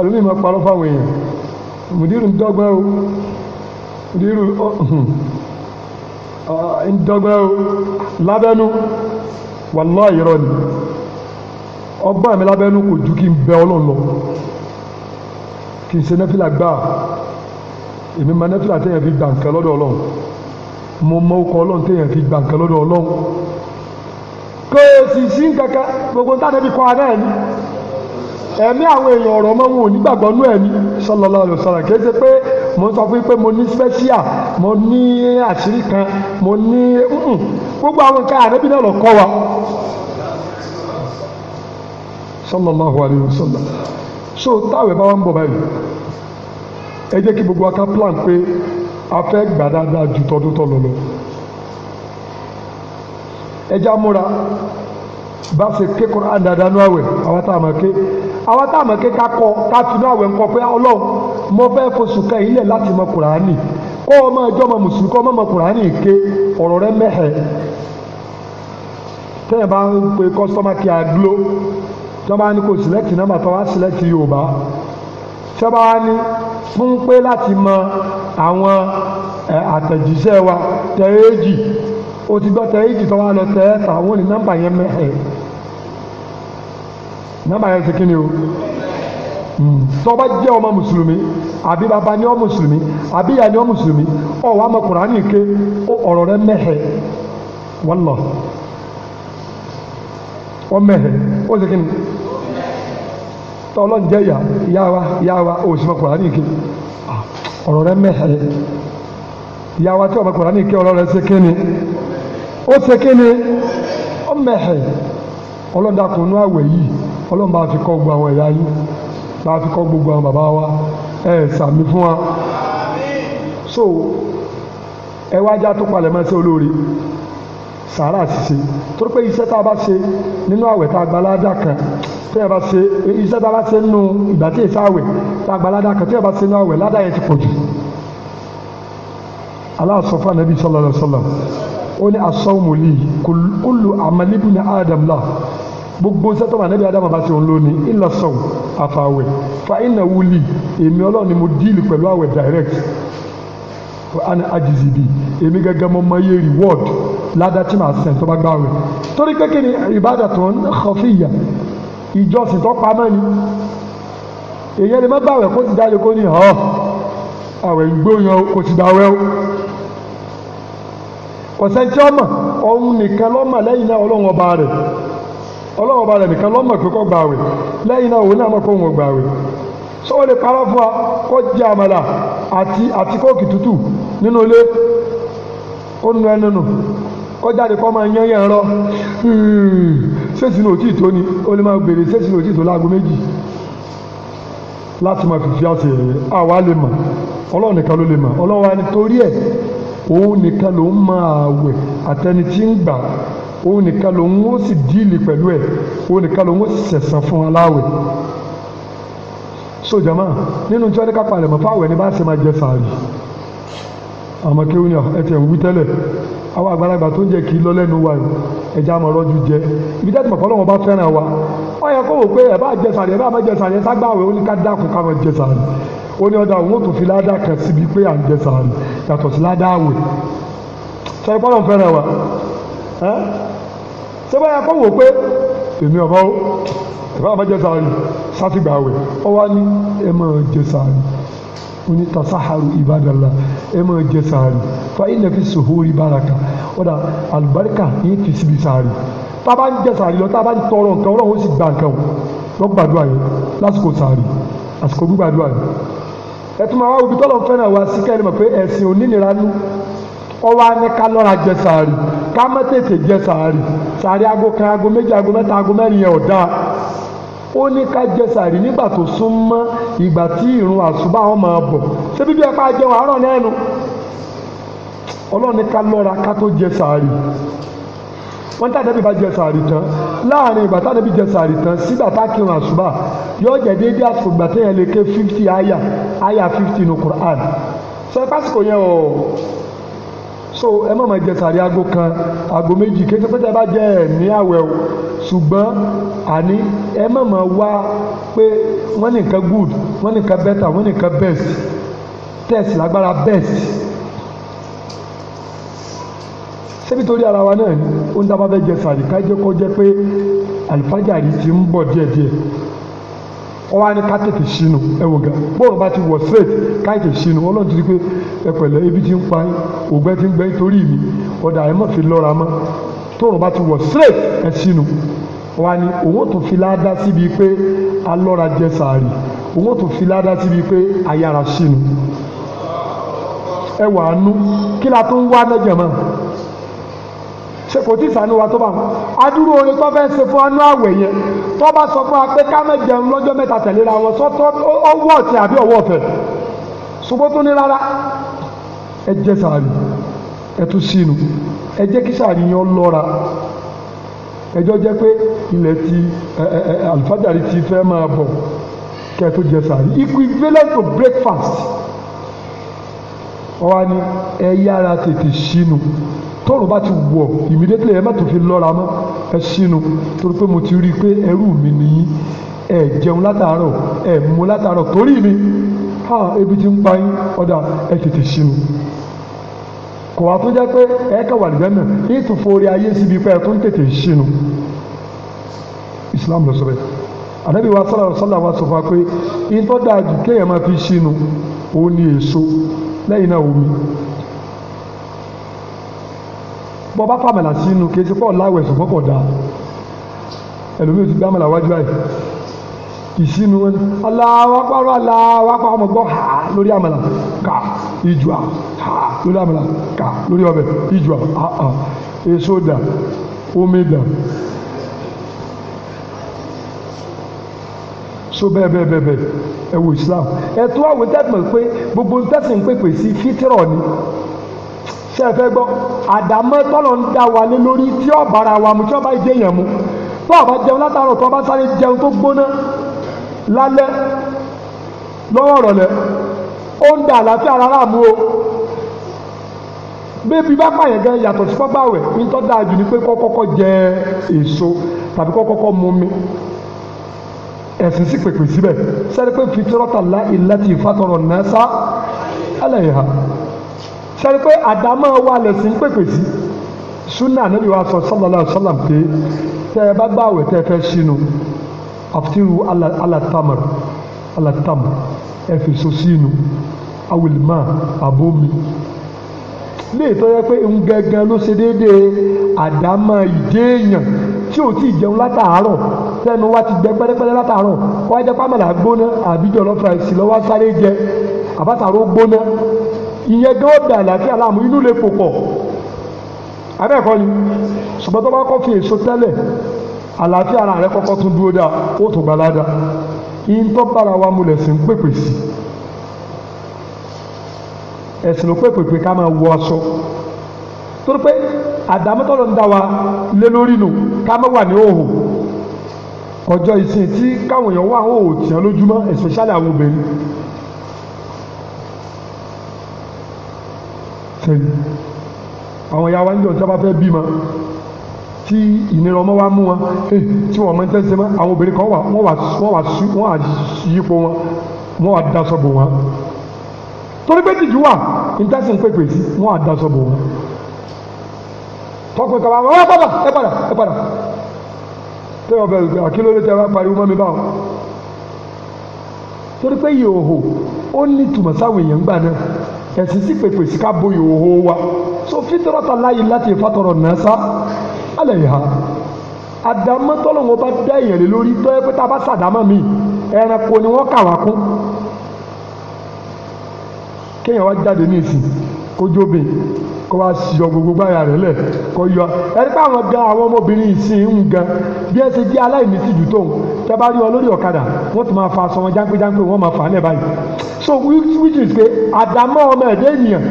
ẹlòmíì máa parọ́ fáwọn èèyàn mùdírù ń dọ́gbọ́n o mùdírù ń dọ́gbọ́n o lábẹ́nu wàláhì irọ́ ni ọgbọ́n mi lábẹ́nu kò ju kí n bẹ ọlọ́run lọ kì í ṣe nẹ́fìlà gbà èmi máa nẹ́fìlà téèyàn fi gbà nǹkan lọ́dọ̀ ọlọ́run mo mọ ọkọ̀ ọlọ́run téèyàn fi gbà nǹkan lọ́dọ̀ ọlọ́run kò sì sí nǹkan kan gbogbo ń tàbí kọ́ ara ni. ẹ̀mí àwọn èèyàn ọ̀rọ̀ ọmọ wọn ò nígbàgbọ́ nú ẹ̀mí sallallahu alaihi wasallam kì í ṣe pé mo sọ fún yín pé mo ní special mo ní àṣírí kan mo ní gbogbo àwọn nǹkan àrẹ́bí náà lọ kọ́ wa sallallahu so ń bọ̀ báyìí ẹ jẹ́ kí gbogbo aká plan pé a fẹ́ gbà dáadáa ju tọdún lọ lọ ẹ já múra bá ṣe ké Quran dáadáa nú àwẹ̀ àwa tá a máa ké àwa tá a máa ké ká kọ ká tinú àwẹ̀ ńkọ pé ah, ọlọ́run mo fẹ́ fosù kan ilẹ̀ láti mọ Kùránì kọ́ ọmọ ẹjọ́ ọmọ mùsùlùmí kọ́ ọmọ ọmọ Kùránì ké ọ̀rọ̀ rẹ mẹ́hẹ̀ tẹ́yìn bá ń pe kọ́sítọ́mà kí a dúró tí wọ́n bá kò sílẹ̀tì nọ́mbà tó wá sílẹ̀tì Yorùbá tí wọ́n fún pé láti mọ àwọn àtẹ̀jíṣẹ́ wa tẹ́ o ti gbọ́ tẹ́ éjì lọ tẹ́ ẹ̀ta ní nọ́mbà yẹn mẹ́hẹ̀ẹ́ nọ́mbà yẹn ti o hmm. tọ́ba jẹ́ ọmọ mùsùlùmí àbí ni ọ mùsùlùmí àbí ya ni ọ mùsùlùmí ọ wà mọ kùránì ké ọ̀rọ̀ rẹ mẹ́hẹ̀ wọ́lọ̀ ọ mẹ́hẹ̀ ó sì kí ni ya jẹ́ ìyá ó sì mọ kùránì ké ah, ọ̀rọ̀ rẹ mẹ́hẹ̀ ìyá tí ọmọ kùránì ké ọ̀rọ̀ rẹ ṣe ó ọ àwẹ̀ yìí. ọlọ́run bá fi kọ́ gbogbo àwọn ẹ̀yà yín bá fi kọ́ gbogbo àwọn bàbá wa ẹ̀ sàmì fún wa so ẹ wá já tó palẹ̀ mọ́ sí olóore sàárà ṣiṣe torí pé iṣẹ́ tá a bá ṣe nínú àwẹ̀ tá a gba aládà kan tí a bá ṣe iṣẹ́ tá a bá ṣe nínú ìgbà tí èsì àwẹ̀ tá a gba aládà kan tí a bá ṣe nínú àwẹ̀ ládà yẹn ti pọ̀ jù aláàsọ fún anabi sallallahu alaihi wasallam ó ní asọ́wọ́mọ̀lì kullu amalibuna adam la gbogbo sẹ́tọ̀ mà nẹ́bí adamu bá ti òun lónìí ìlà sọ̀wù àfàwẹ̀ fa iná wuli èmi ọlọ́run ni mo díìlì pẹ̀lú àwẹ̀ direct ana ajizi bi èmi gẹ́gẹ́ mo mọ iye reward ládá tí màá sẹ̀ tó bá gbà wẹ̀ torí pé kí ni ìbádà tó ń khafiya ìjọsìn tó pamọ́ ni èyí ẹni má bá wẹ̀ kó ti jáde kó ní hàn àwẹ̀ gbóyan kó ti gbà wẹ̀ o ọ̀sẹ̀ tí ọmọ òun nìkan lọ́mọ lẹ́yìn náà ọlọ́run ọba rẹ̀ ọlọ́wọ́ ba rẹ̀ nìkan lọ́mọ̀ pé kọ́ gbààwẹ̀ lẹ́yìn náà òun náà mọ̀ kó òun gbààwẹ̀ sọ́wọ́ lè parọ́ fún wa kó jẹ àmàlà àti àti kóòkì tútù nínú ilé ó nu ẹnu nù kó jáde kó máa yán yàn rọ hmm. ṣéṣì ní òtí ìtó ni ó lè máa béèrè ṣéṣì ní òtí láago méjì láti máa fìfì àti ẹ̀yẹ àwa lè mọ̀ ọlọ́run nìkan ló lè mọ̀ ọlọ́run wa ni torí ẹ̀ òun nìkan ló máa wẹ̀ àtẹni tí ń gbà òun nìkan ló ń ó sì díìlì pẹ̀lú ẹ̀ òun nìkan ló ń ó sì sẹ̀sán fún wọn láwẹ̀ so jama nínú tí wọn ní ká palẹ̀ mọ́ fáwọn ẹni bá ṣe máa jẹ sàárì àmọ́ kéwọn ni ẹ tiẹ̀ wí tẹ́lẹ̀ àwọn àgbàlagbà tó ń jẹ kì í lọ lẹ́nu wa ẹja àmọ́ rọ́jú jẹ ibi tẹ́tí mọ̀ fọlọ́wọ́n bá fẹ́ràn wa ó yẹ kó wò pé ẹ bá jẹ sàárì ẹ bá má jẹ sàárì ẹ ságbàwẹ̀ ó ní ká dákun ká má jẹ sàárì ó ní ọ̀dà òun ó tún fi ládàá kan síbi pé à ń jẹ sàárì yàtọ̀ sí ládàá àwẹ̀ sọ ṣé báyà kọ́ wò pé èmi ọ̀bá ó ìbá àbájẹ sàárì sátìgbà wẹ̀ ọ wá ní ẹ máa jẹ sàárì oní tasaharu ibadala ẹ máa jẹ sàárì fa ilẹ̀ fi sòhóri baraka ọ̀dà àlùbáríkà yìí ti síbi sàárì tá a bá ń jẹ sàárì lọ tá a bá ń tọrọ nǹkan ọlọ́run ó sì gba nǹkan o lọ́ gbàdúrà yẹn lásìkò sàárì àsìkò gbígbàdúrà yẹn ẹ máa wá òbí tọ́lọ̀ fẹ́ràn wá sí kẹ́rin mọ̀ pé ẹ̀sìn onínira ọwọ́ anẹ́ká lọ́ra Kama má tètè jẹ sàárì sàárì aago kan aago méjì aago mẹ́ta aago mẹ́rin yẹn ò dáa ó ní ká jẹ sàárì nígbà tó sún mọ́ ìgbà tí ìrun àsùbá wọn máa bọ̀ ṣé bíbí ẹ pa jẹun àárọ̀ náà nu ọlọ́run ní ká lọ́ra ká tó jẹ sàárì wọ́n tá àdébí jẹ sàárì tán láàrin ìgbà tá jẹ sàárì tán sígbà tá kírun àsùbá yóò jẹ déédé àsìkò ìgbà téèyàn lè ké fifty aya aya fifty nu Quran sọ pásítọ̀ yẹn o so ẹ má máa jẹ sàrí aago kan aago méjì kéde pété bá jẹ ẹ̀mí àwẹ̀ o ṣùgbọ́n àní ẹ má máa wá pé wọ́n ní good wọ́n ní better wọ́n ní best test lágbára best ṣebí torí ara wa náà ni ó ń dábàá fẹ́ jẹ sàrí ká jẹ́ kó jẹ́ pé àlùfáàjà yìí ti ń bọ̀ díẹ̀díẹ̀ wọ́n wá ní ká tètè sínú ẹ wò gan bóun bá ti wọ̀ straight ká tètè sínú ọlọ́run ti di pé ẹ pẹ̀lẹ́ ebi ti ń pa yín ògbẹ́ ti ń gbẹ́ torí mi ọ̀dà ẹ mọ̀ fi lọ́ra mọ́ tóun bá ti wọ̀ straight ẹ sínú wọ́n wá ní òun tó fi láàdá síbi pé alọ́ra jẹ sàárì òun tó fi láàdá síbi pé ayára sínú ẹ wà kí la tó ń wá náà mọ́ ṣe kò tí sànú wa tó bá wọn adúrú orin tó fẹ́ ṣe fún anú àwẹ̀ yẹn tó bá sọ fún wa pé ká má lọ́jọ́ mẹ́ta tẹ̀léra wọn sọ́tọ́ ọwọ́ ọ̀tẹ̀ àbí ọwọ́ ọ̀fẹ́ ṣùgbọ́n tó ní rárá ẹ jẹ sàárì ẹ tún sínú ẹ jẹ́ kí sàárì yẹn lọ́ra ẹjọ́ jẹ́ pé ilẹ̀ ti alifájàrí ti fẹ́ máa bọ̀ kẹ́ ẹ tó jẹ sàárì equivalent to breakfast ó wá ẹ yára tètè sínú tọ́rùn bá ti wọ̀ immediately ẹ má tó fi lọ́ra mọ́ ẹ sínú torí pé mo ti rí i pé ẹrú mi nìyí ẹ jẹun látàárọ̀ ẹ mu látàárọ̀ torí mi ha ebi ti ń pa yín ọ̀dà ẹ tètè sínú kò wá tó jẹ́ pé ẹ kà wà lùgbẹ́ náà yín tún forí ayé síbi pé ẹ tún tètè sínú Islam lọ sọ bẹ́ẹ̀ ànábì wa sọ́lá sọ́lá wa sọ fún wa pé ìtọ́jà kéèyàn máa fi sínú òun ni èso lẹ́yìn náà omi bọ́ bá fàmàlà sínú kì í ṣe pọ̀ láwẹ̀ ṣùgbọ́n kò dáa ẹlòmíràn ti gbá àmàlà wájú àyè ìsínú wọn aláwápárọ aláwápárọ ọmọ gbọ ha lórí àmàlà ká ìjù à ha lórí àmàlà ká lórí ọbẹ̀ ìjù à ha ha èso dà omi dà so bẹ́ẹ̀ bẹ́ẹ̀ bẹ́ẹ̀ bẹ́ẹ̀ ẹ wo Islam ẹ tó àwọn tẹ́tí mọ̀ pé gbogbo tẹ́tí ń pèpè sí fítírọ̀ ni ṣe é fẹ́ gbọ́ àdámọ́ tọ́lọ̀ ń dá wa lé lórí tí ó bára wa mu tí ó bá dé yẹn mu tó ọba jẹun látàárọ̀ tó ọba sáré jẹun tó gbóná lálẹ́ lọ́wọ́ rọ̀lẹ́ ó ń da àlàáfíà rárá mu o bébí bá pààyàn gan yàtọ̀ sí fọ́gbàwẹ̀ nítọ́ dáa jù ní pé kó kọ́kọ́ jẹ èso tàbí kó kọ́kọ́ mu mi ẹ̀sìn sì pèpè síbẹ̀ sẹ́ni pé fitrọ́tà láìláti ìfàtọ̀rọ̀ náà sá ẹlẹ́yìn hàn sẹ́ni pé àdámọ́ wa lẹ̀sìn ń pèpè sí súnà níbi wa sọ sọlọ́lá sọlá pé tẹ́ ẹ bá gbàwẹ̀ tẹ́ ẹ fẹ́ sínú àfitiru alatamar alatamar ẹ fi so sínú awolima abomi lè tọ́jú pé ń gẹ́gẹ́ ló ṣe déédéé àdámọ́ ìdéèyàn tí ò tí ì jẹun látàárọ̀ tẹnu wa ti gbẹ pẹ́lẹ́pẹ́lẹ́ látàárọ̀ wọ́n á jẹ́ pàmò là gbóná àbíjọ́ lọ́fà sí lọ́wọ́ sáré jẹ àbátàró gbóná ìyẹn gan ó da àlàáfíà láàmú inú lè pò pọ̀ abẹ́ẹ̀kọ́ ni ṣùgbọ́n tó bá kọ́ fi èso tẹ́lẹ̀ àlàáfíà ara rẹ kọ́kọ́ tún dúró dáa ó tó gba ládàá yín tó bára wa múlẹ̀ sí ń pèpè sí ẹ̀sìn ló pèpè pé ká máa wọ aṣọ torí pé àdámọ́tọ́lọ́ ń dá wa lé lórí nù ká má wà ní òhò ọjọ́ ìsìn tí káwọn èèyàn wà òhò tìyàn lójúmọ́ especially àwọn obìnrin sẹ́ni àwọn ìyá wa ń jọ tí wọ́n bá fẹ́ bímọ tí ìnira ọmọ wa mú wọn eh, tí wọ́n máa ń tẹ́sí mọ́ àwọn obìnrin kan wọ́n wà wọ́n wà yípo wọn wọ́n wà daṣọ bò wọn torí pé tìjú wà ìtẹ́sí ń pèpè sí wọ́n wà daṣọ bò wọn tọkùn kaba ọ bàbà ẹ padà ẹ padà tẹ ọbẹ àkìlọ lè tẹ ẹ bá pariwo mọ́ mi báwọn torí pé yòòhò ó ní tùmọ̀ sáwọn èèyàn gbà náà ẹ̀sìn sì pèpè sí ká bo ìhòòhò wa so fitrata láyé láti fatọrọ nàṣà alẹ́ yìí ha àdámọ́ tọ́lọ́wọ́ bá dá èèyàn lé lórí tọ́ ẹ pé tá a bá sàdámọ́ mi ẹranko ni wọ́n kà wá kún kéèyàn wá jáde ní ìsìn kójó bẹ́ẹ̀ kó wá yọ gbogbo gbáyà rẹ̀ lẹ̀ kó yọ ẹni pé àwọn gan àwọn ọmọbìnrin ìsìn ń gan bí ẹ ṣe jẹ́ aláìní tìjú tóun tẹ́ bá rí ọ lórí ọ̀kadà wọ́n ti máa fa aṣọ wọn jáńpéjáńpé wọ́n máa fà á lẹ̀ báyìí so which is pé àdámọ́ ọmọ ẹ̀dá ènìyàn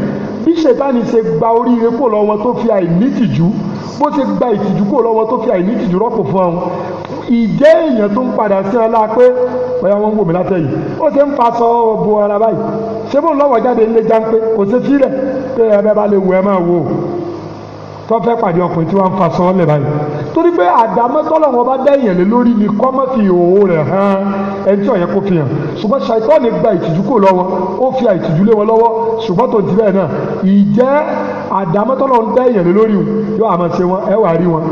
bí ṣètánì ṣe gba oríire kó lọ́wọ́ tó fi àìní tìjú bó ṣe gba ìtìjú kó lọ́wọ́ tó fi àìní tìjú rọ́pò fún ọ ìjẹ́ èèyàn tó ń ọ̀yà wọn ń wò mí látẹ̀yìn ó ṣe ń fa sọ bo ara báyìí ṣé bó ń lọ́wọ́ jáde ilé jáńpé kò ṣe sílẹ̀ pé ẹ bẹ́ẹ̀ bá lè wù ẹ máa wò ó tó fẹ́ pàdé ọkùnrin tí wọ́n ń fa sọ lẹ̀ báyìí torí pé àdámọ́ tọ́lọ́wọ́n bá dẹ́yìn lé lórí ni kọ́ mọ́ fi ìhòòhò rẹ̀ hàn ẹni tí ọ̀yẹ́ kò fi hàn ṣùgbọ́n ṣàìtọ́ni gba ìtìjú kò lọ́wọ́ ó fi àìtìjú lé wọn lọ́wọ́ ṣùgbọ́n tó ti bẹ́ẹ̀ náà ìjẹ́ àdámọ́ tọ́lọ́wọ́n dẹ́yìn lé lórí yóò àmọ́ ṣe wọn ẹwà rí wọn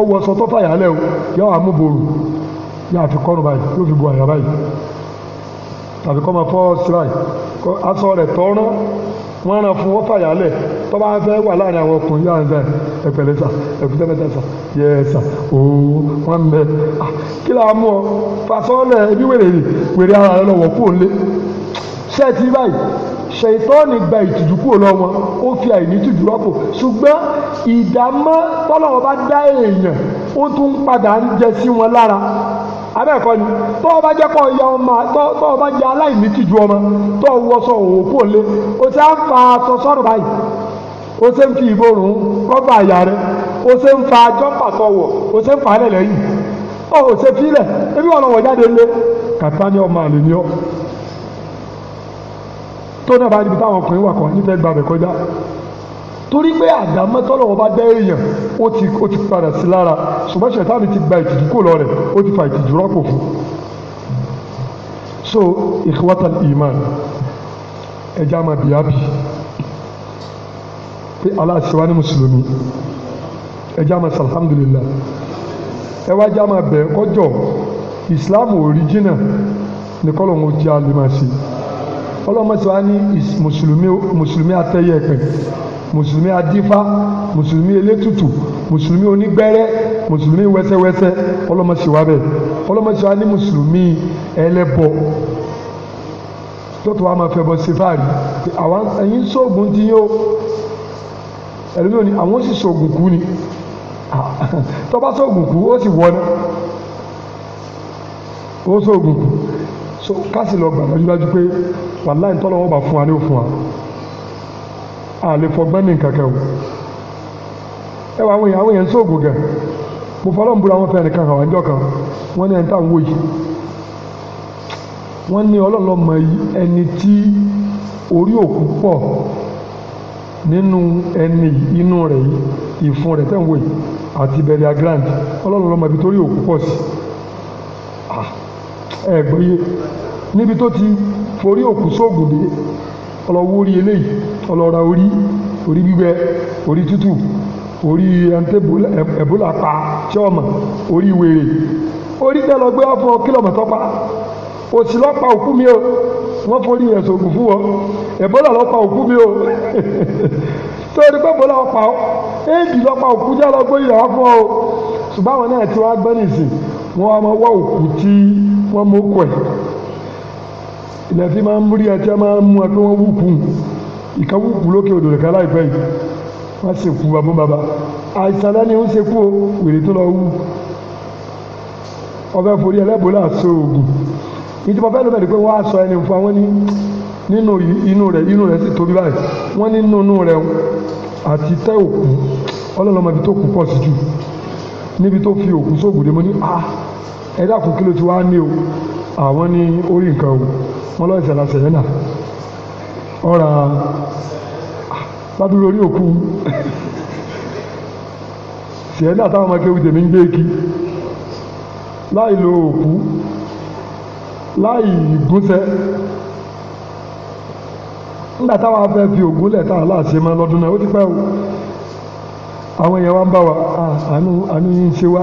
ọwọ́ sọ tó fàyà lẹ́ o yóò àmúborò ya fi kọ́nu báyìí yóò fi bu àyà báyìí tàbí kọ́ máa fọ́ síláì aṣọ rẹ̀ tọ́rọ́ wọ́n na fún wọ́n fàyà lẹ̀ tó bá wà láàrin àwọn ooo ah, ọ fasọ́lẹ̀ ebi wèrè ara ṣètọ́ọ̀nì gba ìtìjú kúrò lọ́wọ́ ó fi àìní tìjú rọ́pò ṣùgbọ́n ìdámọ́ tọ́lọ́wọ́ bá dá èèyàn ó tún padà ń jẹ sí wọn lára abẹ́ẹ̀kọ́ ni tọ́ ọ bá jẹ́ kọ́ ya ọmọ tọ́ ọ bá jẹ́ aláìní tìjú ọmọ tọ́ ọ wọ́sọ òwò kò lé o ti á ń fa aṣọ sọ́rọ̀ báyìí o ṣe ń fi ìborùn rọ́bà àyà rẹ o ṣe ń fa jọ́pà tọwọ̀ o ṣe ń fa alẹ́ lẹ́yìn o ṣe fílẹ̀ ebi wọn lọ wọ̀ jáde lé kàtá ni ọmọ àlè ni ọ tó náà bá níbi táwọn ọkùnrin wà kan nífẹ̀ẹ́ gbàgbẹ́ kọjá torí pé àdámọ́ tọ́lọ́wọ́ bá dá èèyàn ó ti ó ti padà sí lára ṣùgbọ́n ṣẹ̀tánì ti gba ìtìjú kò lọ rẹ̀ ó ti fa ìtìjú rọ́pò fún so ìkọ́wátà ìmán ẹja máa bì ábì pé aláṣẹwá ní mùsùlùmí ẹja máa sàlhámdùlélà ẹ wá já máa bẹ̀ ẹ́ kọjọ ìsìláàmù òríjìnà ní kọ́lọ̀ ń jẹ́ àlè máa ṣe ọlọ́mọ tí wàá ní mùsùlùmí mùsùlùmí atẹ́yẹ̀pẹ̀ mùsùlùmí adífá mùsùlùmí elétùtù mùsùlùmí onígbẹ́rẹ́ mùsùlùmí wẹ́sẹ́wẹ́sẹ́ ọlọ́mọ tí wàá bẹ̀ ọlọ́mọ tí wàá ní mùsùlùmí ẹlẹ́bọ tótó wàá máa fẹ́ bọ́ sífàárì àwọn ẹ̀yin sóògùn ti yín o ẹ̀lẹ́mí òní àwọn sì sóògùn kú ni tọ́ba sóògùn kú ó sì wọ́n ó sóògùn kú so káàsì lọ gbà dájúdájú pé wàláì tọ́lọ́ wọn bá fún wa ní òfun wa àlè fọgbọ́n ní kankan o ẹ wà àwọn èèyàn àwọn èèyàn sóògùn gẹ̀ mo fọlọ́ ń búra wọn fẹ́ nìkan àwọn ẹjọ́ kan wọ́n ní ẹni tá à ń wò yìí wọ́n ní ọlọ́lọ́mọ ẹni tí orí òkú pọ̀ nínú ẹni inú rẹ̀ yìí ìfun rẹ̀ tẹ̀ ń wò yìí àti bẹ̀rẹ̀ grand ọlọ́lọ́mọ ibi torí òkú pọ̀ sí ah! ẹ̀gbọ́yé níbi tó ti forí òkú sóògùn dé ọlọ́wọ́ orí eléyìí ọlọ́ra orí orí gbígbẹ orí tútù orí ẹ̀bólà pa tí ọmọ orí wèrè orí tẹ́ lọ gbé wá fún ọ kílọ̀mọ̀ tọ́pa òsì lọ́pa òkú mi o wọ́n forí rẹ̀ sògùn fún ọ ẹ̀bólà lọ́pa òkú mi o torí pé bọ́lá ọ̀pá ọ́ éèdì lọ́pàá òkú jẹ́ lọ́gbọ́n ìyàwó fún ọ ṣùgbọ́n àwọn náà ti wá gbọ́ nìsín wọ́n á máa wá òkú tí wọ́n mú kọ̀ ẹ̀ ilẹ̀ tí máa ń múrí àti máa ń mú àti wọ́n wùkú ìka wùkú lókè odò rẹ̀ kálá ìfẹ́ yìí wọ́n sì kú bàbá bàbá àìsàn lẹ́ni ń sekú o wèrè tó lọ wú ọbẹ̀ forí ẹlẹ́bùrẹ́ àṣọ òògùn ìjọba fẹ́ ló bẹ̀rẹ̀ pé wọ́n á sọ ẹni fún àwọn ní nínú inú rẹ̀ inú rẹ̀ sì tóbi báyìí wọ́n nínú rẹ̀ àti tẹ́ òkú ọlọ́lọ́mọbi tó kú pọ̀ sí níbi tó fi òkú sóògùn dé mo ní ah ẹ dákun kí ló ti wá ní o àwọn ní orí nǹkan o wọn lọ ìṣẹ̀lẹ̀ àṣẹyẹ náà ah, orí òkú ṣẹ̀yẹ náà táwọn ọmọ kéwù tèmi ń gbé kí láì lo òkú láì gúnṣẹ́ nígbà táwọn fi a náà ó ti o àwọn èèyàn wa ń ah, wa àánú àánú yín ṣe wá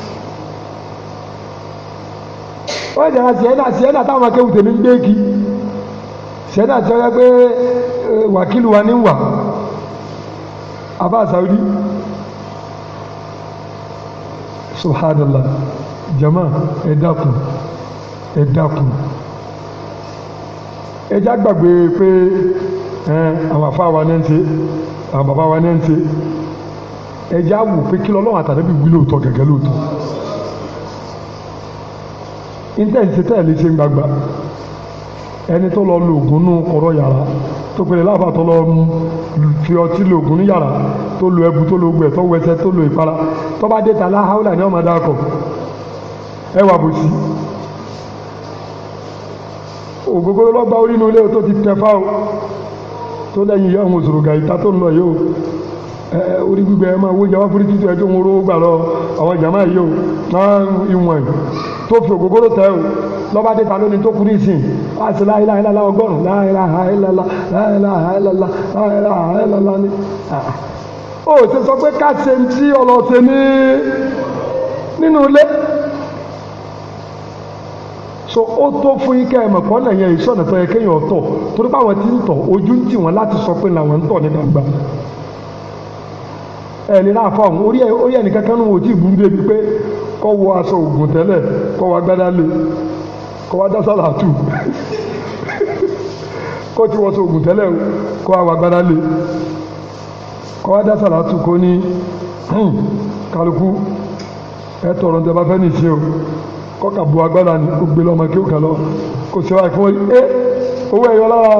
wọ́n jẹ́ na sienna sienna táwọn akéwù tèmi ń gbé kí sienna ti sọ pé wa ní wà abá Saudi subhanallah jama ẹ dákun ẹ dákun ẹ já gbàgbé pé àwọn wa ní ń àwọn wa ní ń ṣe ẹ já wò pé kí tọ́ intanẹti tẹ ẹ lè ṣe gbàgbà ẹni tó lọ lo oògùn nù yara yàrá tó pèlè láàbà tó lọ fi ọtí lo oògùn ní tó lo ẹbu tó lo gbẹ tó lo ìpara tó bá dé ta láhàúlà ni wọn máa dá kọ ẹ ògógóró lọ́gbà orí inú ilé tó ti tẹ fáwọn tó yẹ ohun lọ yìí Eh, orí gbígbẹ ẹ máa wó jama fúri títí ẹ tó ń ro gbà lọ àwọn jama yìí o náà ìwọ̀n tó fi ògógóró tẹ o lọ́ba dé ta lónìí tó kú ní ìsìn láti láìlá ìlàlá ọgọ́rùn-ún láìlá ìlàlá láìlá ìlàlá láìlá ìlàlá ni. ó ah. ṣe sọ pé ká ṣe ń tí ọlọ́ọ̀ṣẹ́ ní nínú ilé so ó tó fún yín kẹ́ ẹ mọ̀ pọ́n lẹ́yìn ìṣọ̀nà tó yẹ kéèyàn tọ̀ torí báwọn ti ń tọ̀ ojú ń tì wọ́n láti sọ pé làwọn ń tọ̀ ní gbangba ẹni náà fà òun orí ẹni kankan ní ò tí ì pé kọ́ wọ aṣọ ògùn tẹ́lẹ̀ gbádá lé kọ́ wa dásàlà tù kó wa lé k'ọ wa tù ní hmm, kálukú ẹ tọrọ ní ẹbá ní ìṣe o k'ọ ka bu agbada n'i gbé kí kà lọ kò sí ẹ owó lára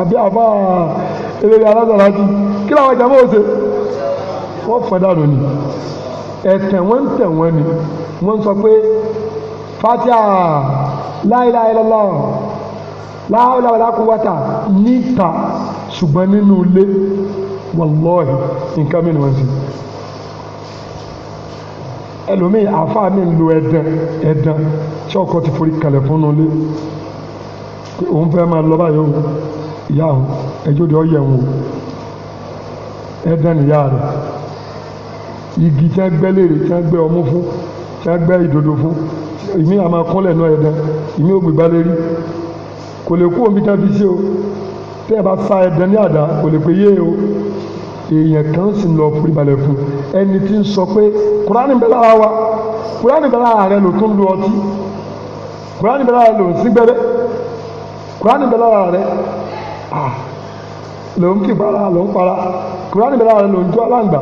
àbí àbá kí làwọn jàmbá ò ṣe wọ́n fẹ́ dànù ni ẹ̀tẹ̀ wọ́n ń tẹ̀ wọ́n ni wọ́n sọ pé fatia láìláìlọ́lọ́ láwùláwùlá kú wáta níta ṣùgbọ́n nínú ilé wàlọ́ọ̀hì nǹkan mìíràn wọ́n sí ẹlòmíì àáfàá mi ń lo ẹ̀dàn ẹ̀dàn tí ọkọ ti forí kalẹ̀ fún un lé òun fẹ́ máa lọ báyìí o ìyá o ẹjọ́ de ọ yẹ̀ wọ́n ẹ̀dán nìyá rẹ̀ igi tí wọ́n gbẹ́ léèrè tí wọ́n gbẹ́ ọmú fún tí wọ́n gbẹ́ ìdodo fún ìmí àmọ́ kúnlẹ̀ náà ẹ̀dán ìmí ò gbìgbà lérí kò lè kú omi tí wọ́n fi ṣe o tẹ́ ẹ bá fa ẹ̀dán ní àdá kò lè pé yé e o èèyàn kan sì ń lọ foríbalẹ̀ fún ẹni tí ń sọ pé kúránì bẹ́ẹ̀ lára wa kúránì bẹ́ẹ̀ lára rẹ ló tún lu ọtí kúránì bẹ́ẹ̀ lára rẹ ló ń sí kúránì bẹ́ẹ̀ lára rẹ ló ń kí para ló ń para kùránì bẹ̀rẹ̀ rẹ ló ń jó aláǹgbà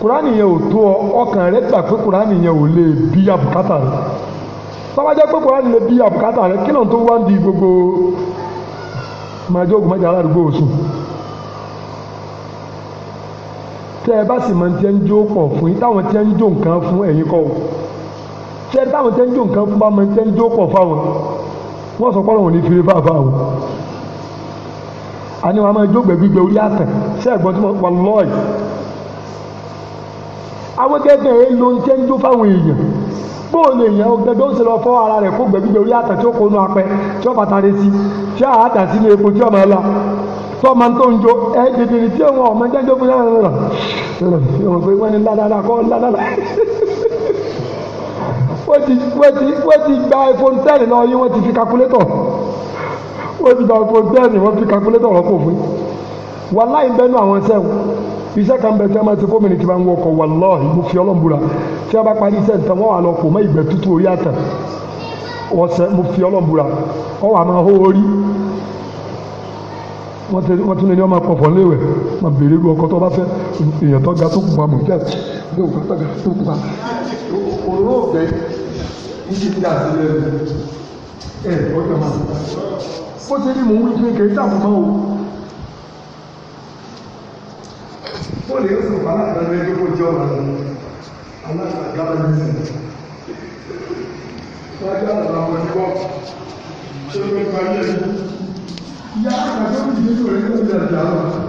kùránì yẹn ò tó ọ ọkàn rẹ gbà pé kùránì yẹn ò lè bí àbùkátà rẹ tọ́wájẹ́ pé kùránì lè bí àbùkátà rẹ kí lóun tó wá ń gbogbo màjọ́gùn mẹ́ta aládùúgbò òsùn tẹ́ ẹ bá sì máa ń tẹ́ ń jó pọ̀ fún yín táwọn ń jó nǹkan fún ẹ̀yin kọ́ o táwọn ń jó nǹkan fún bá máa ń ń jó pọ̀ àní wọn a máa jógbè gbígbé orí àtàn ṣé ẹ̀gbọ́n tí wọ́n lọ́ọ̀yì. àwọn gẹ́gẹ́ ẹ ló ń tẹ́ ń dó fáwọn èèyàn bóòlù èèyàn ọgbẹ́gbẹ́ ó sì lọ fọ́ ara rẹ̀ kó gbẹ gbígbé orí àtàn tí ó kónú apẹ tí ó bàtà rẹ sí tí ó àádà sínú epo tí ó máa lọ fọmọ tó ń jó ẹ dèdèrè tí òun ọmọ jẹjọ fún yàrá rẹ rẹ pé wọn ni ládàá kọ ládàá wọ́n ti gba iPhone ten lọ yín wọ́n ti fi kakulétọ̀ ó ti dàgbà pé bẹ́ẹ̀ ni wọ́n fi calculator rọ́pò fún yín wàláì bẹ́ẹ̀ nù àwọn sẹ́wọ̀n iṣẹ́ kan bẹ̀ tí a máa ti fómìnì tí wọ́n ń wọkọ̀ wàláì mo fi tí a bá parí iṣẹ́ nǹkan wọ́n wà lọ kò mọ́ ìgbẹ́ tútù orí ọ wà máa hó orí wọ́n tún lè ní ọmọ léwẹ̀ lu ọkọ tó bá fẹ́ èèyàn tó ga tó ó ti rí mò wí pé kì í o. ó lè ó sọ̀rọ̀ aláàbẹ̀rẹ̀ ẹgbẹ́ kó jẹ́ ọ̀rọ̀ aláàbẹ̀rẹ̀ aláàbẹ̀rẹ̀ wájú àwọn àwọn ẹ̀kọ́ tó ń gbé parí ẹ̀ yá àgbàdo ìdílé rẹ̀ ló ń bẹ̀rẹ̀ dáhùn.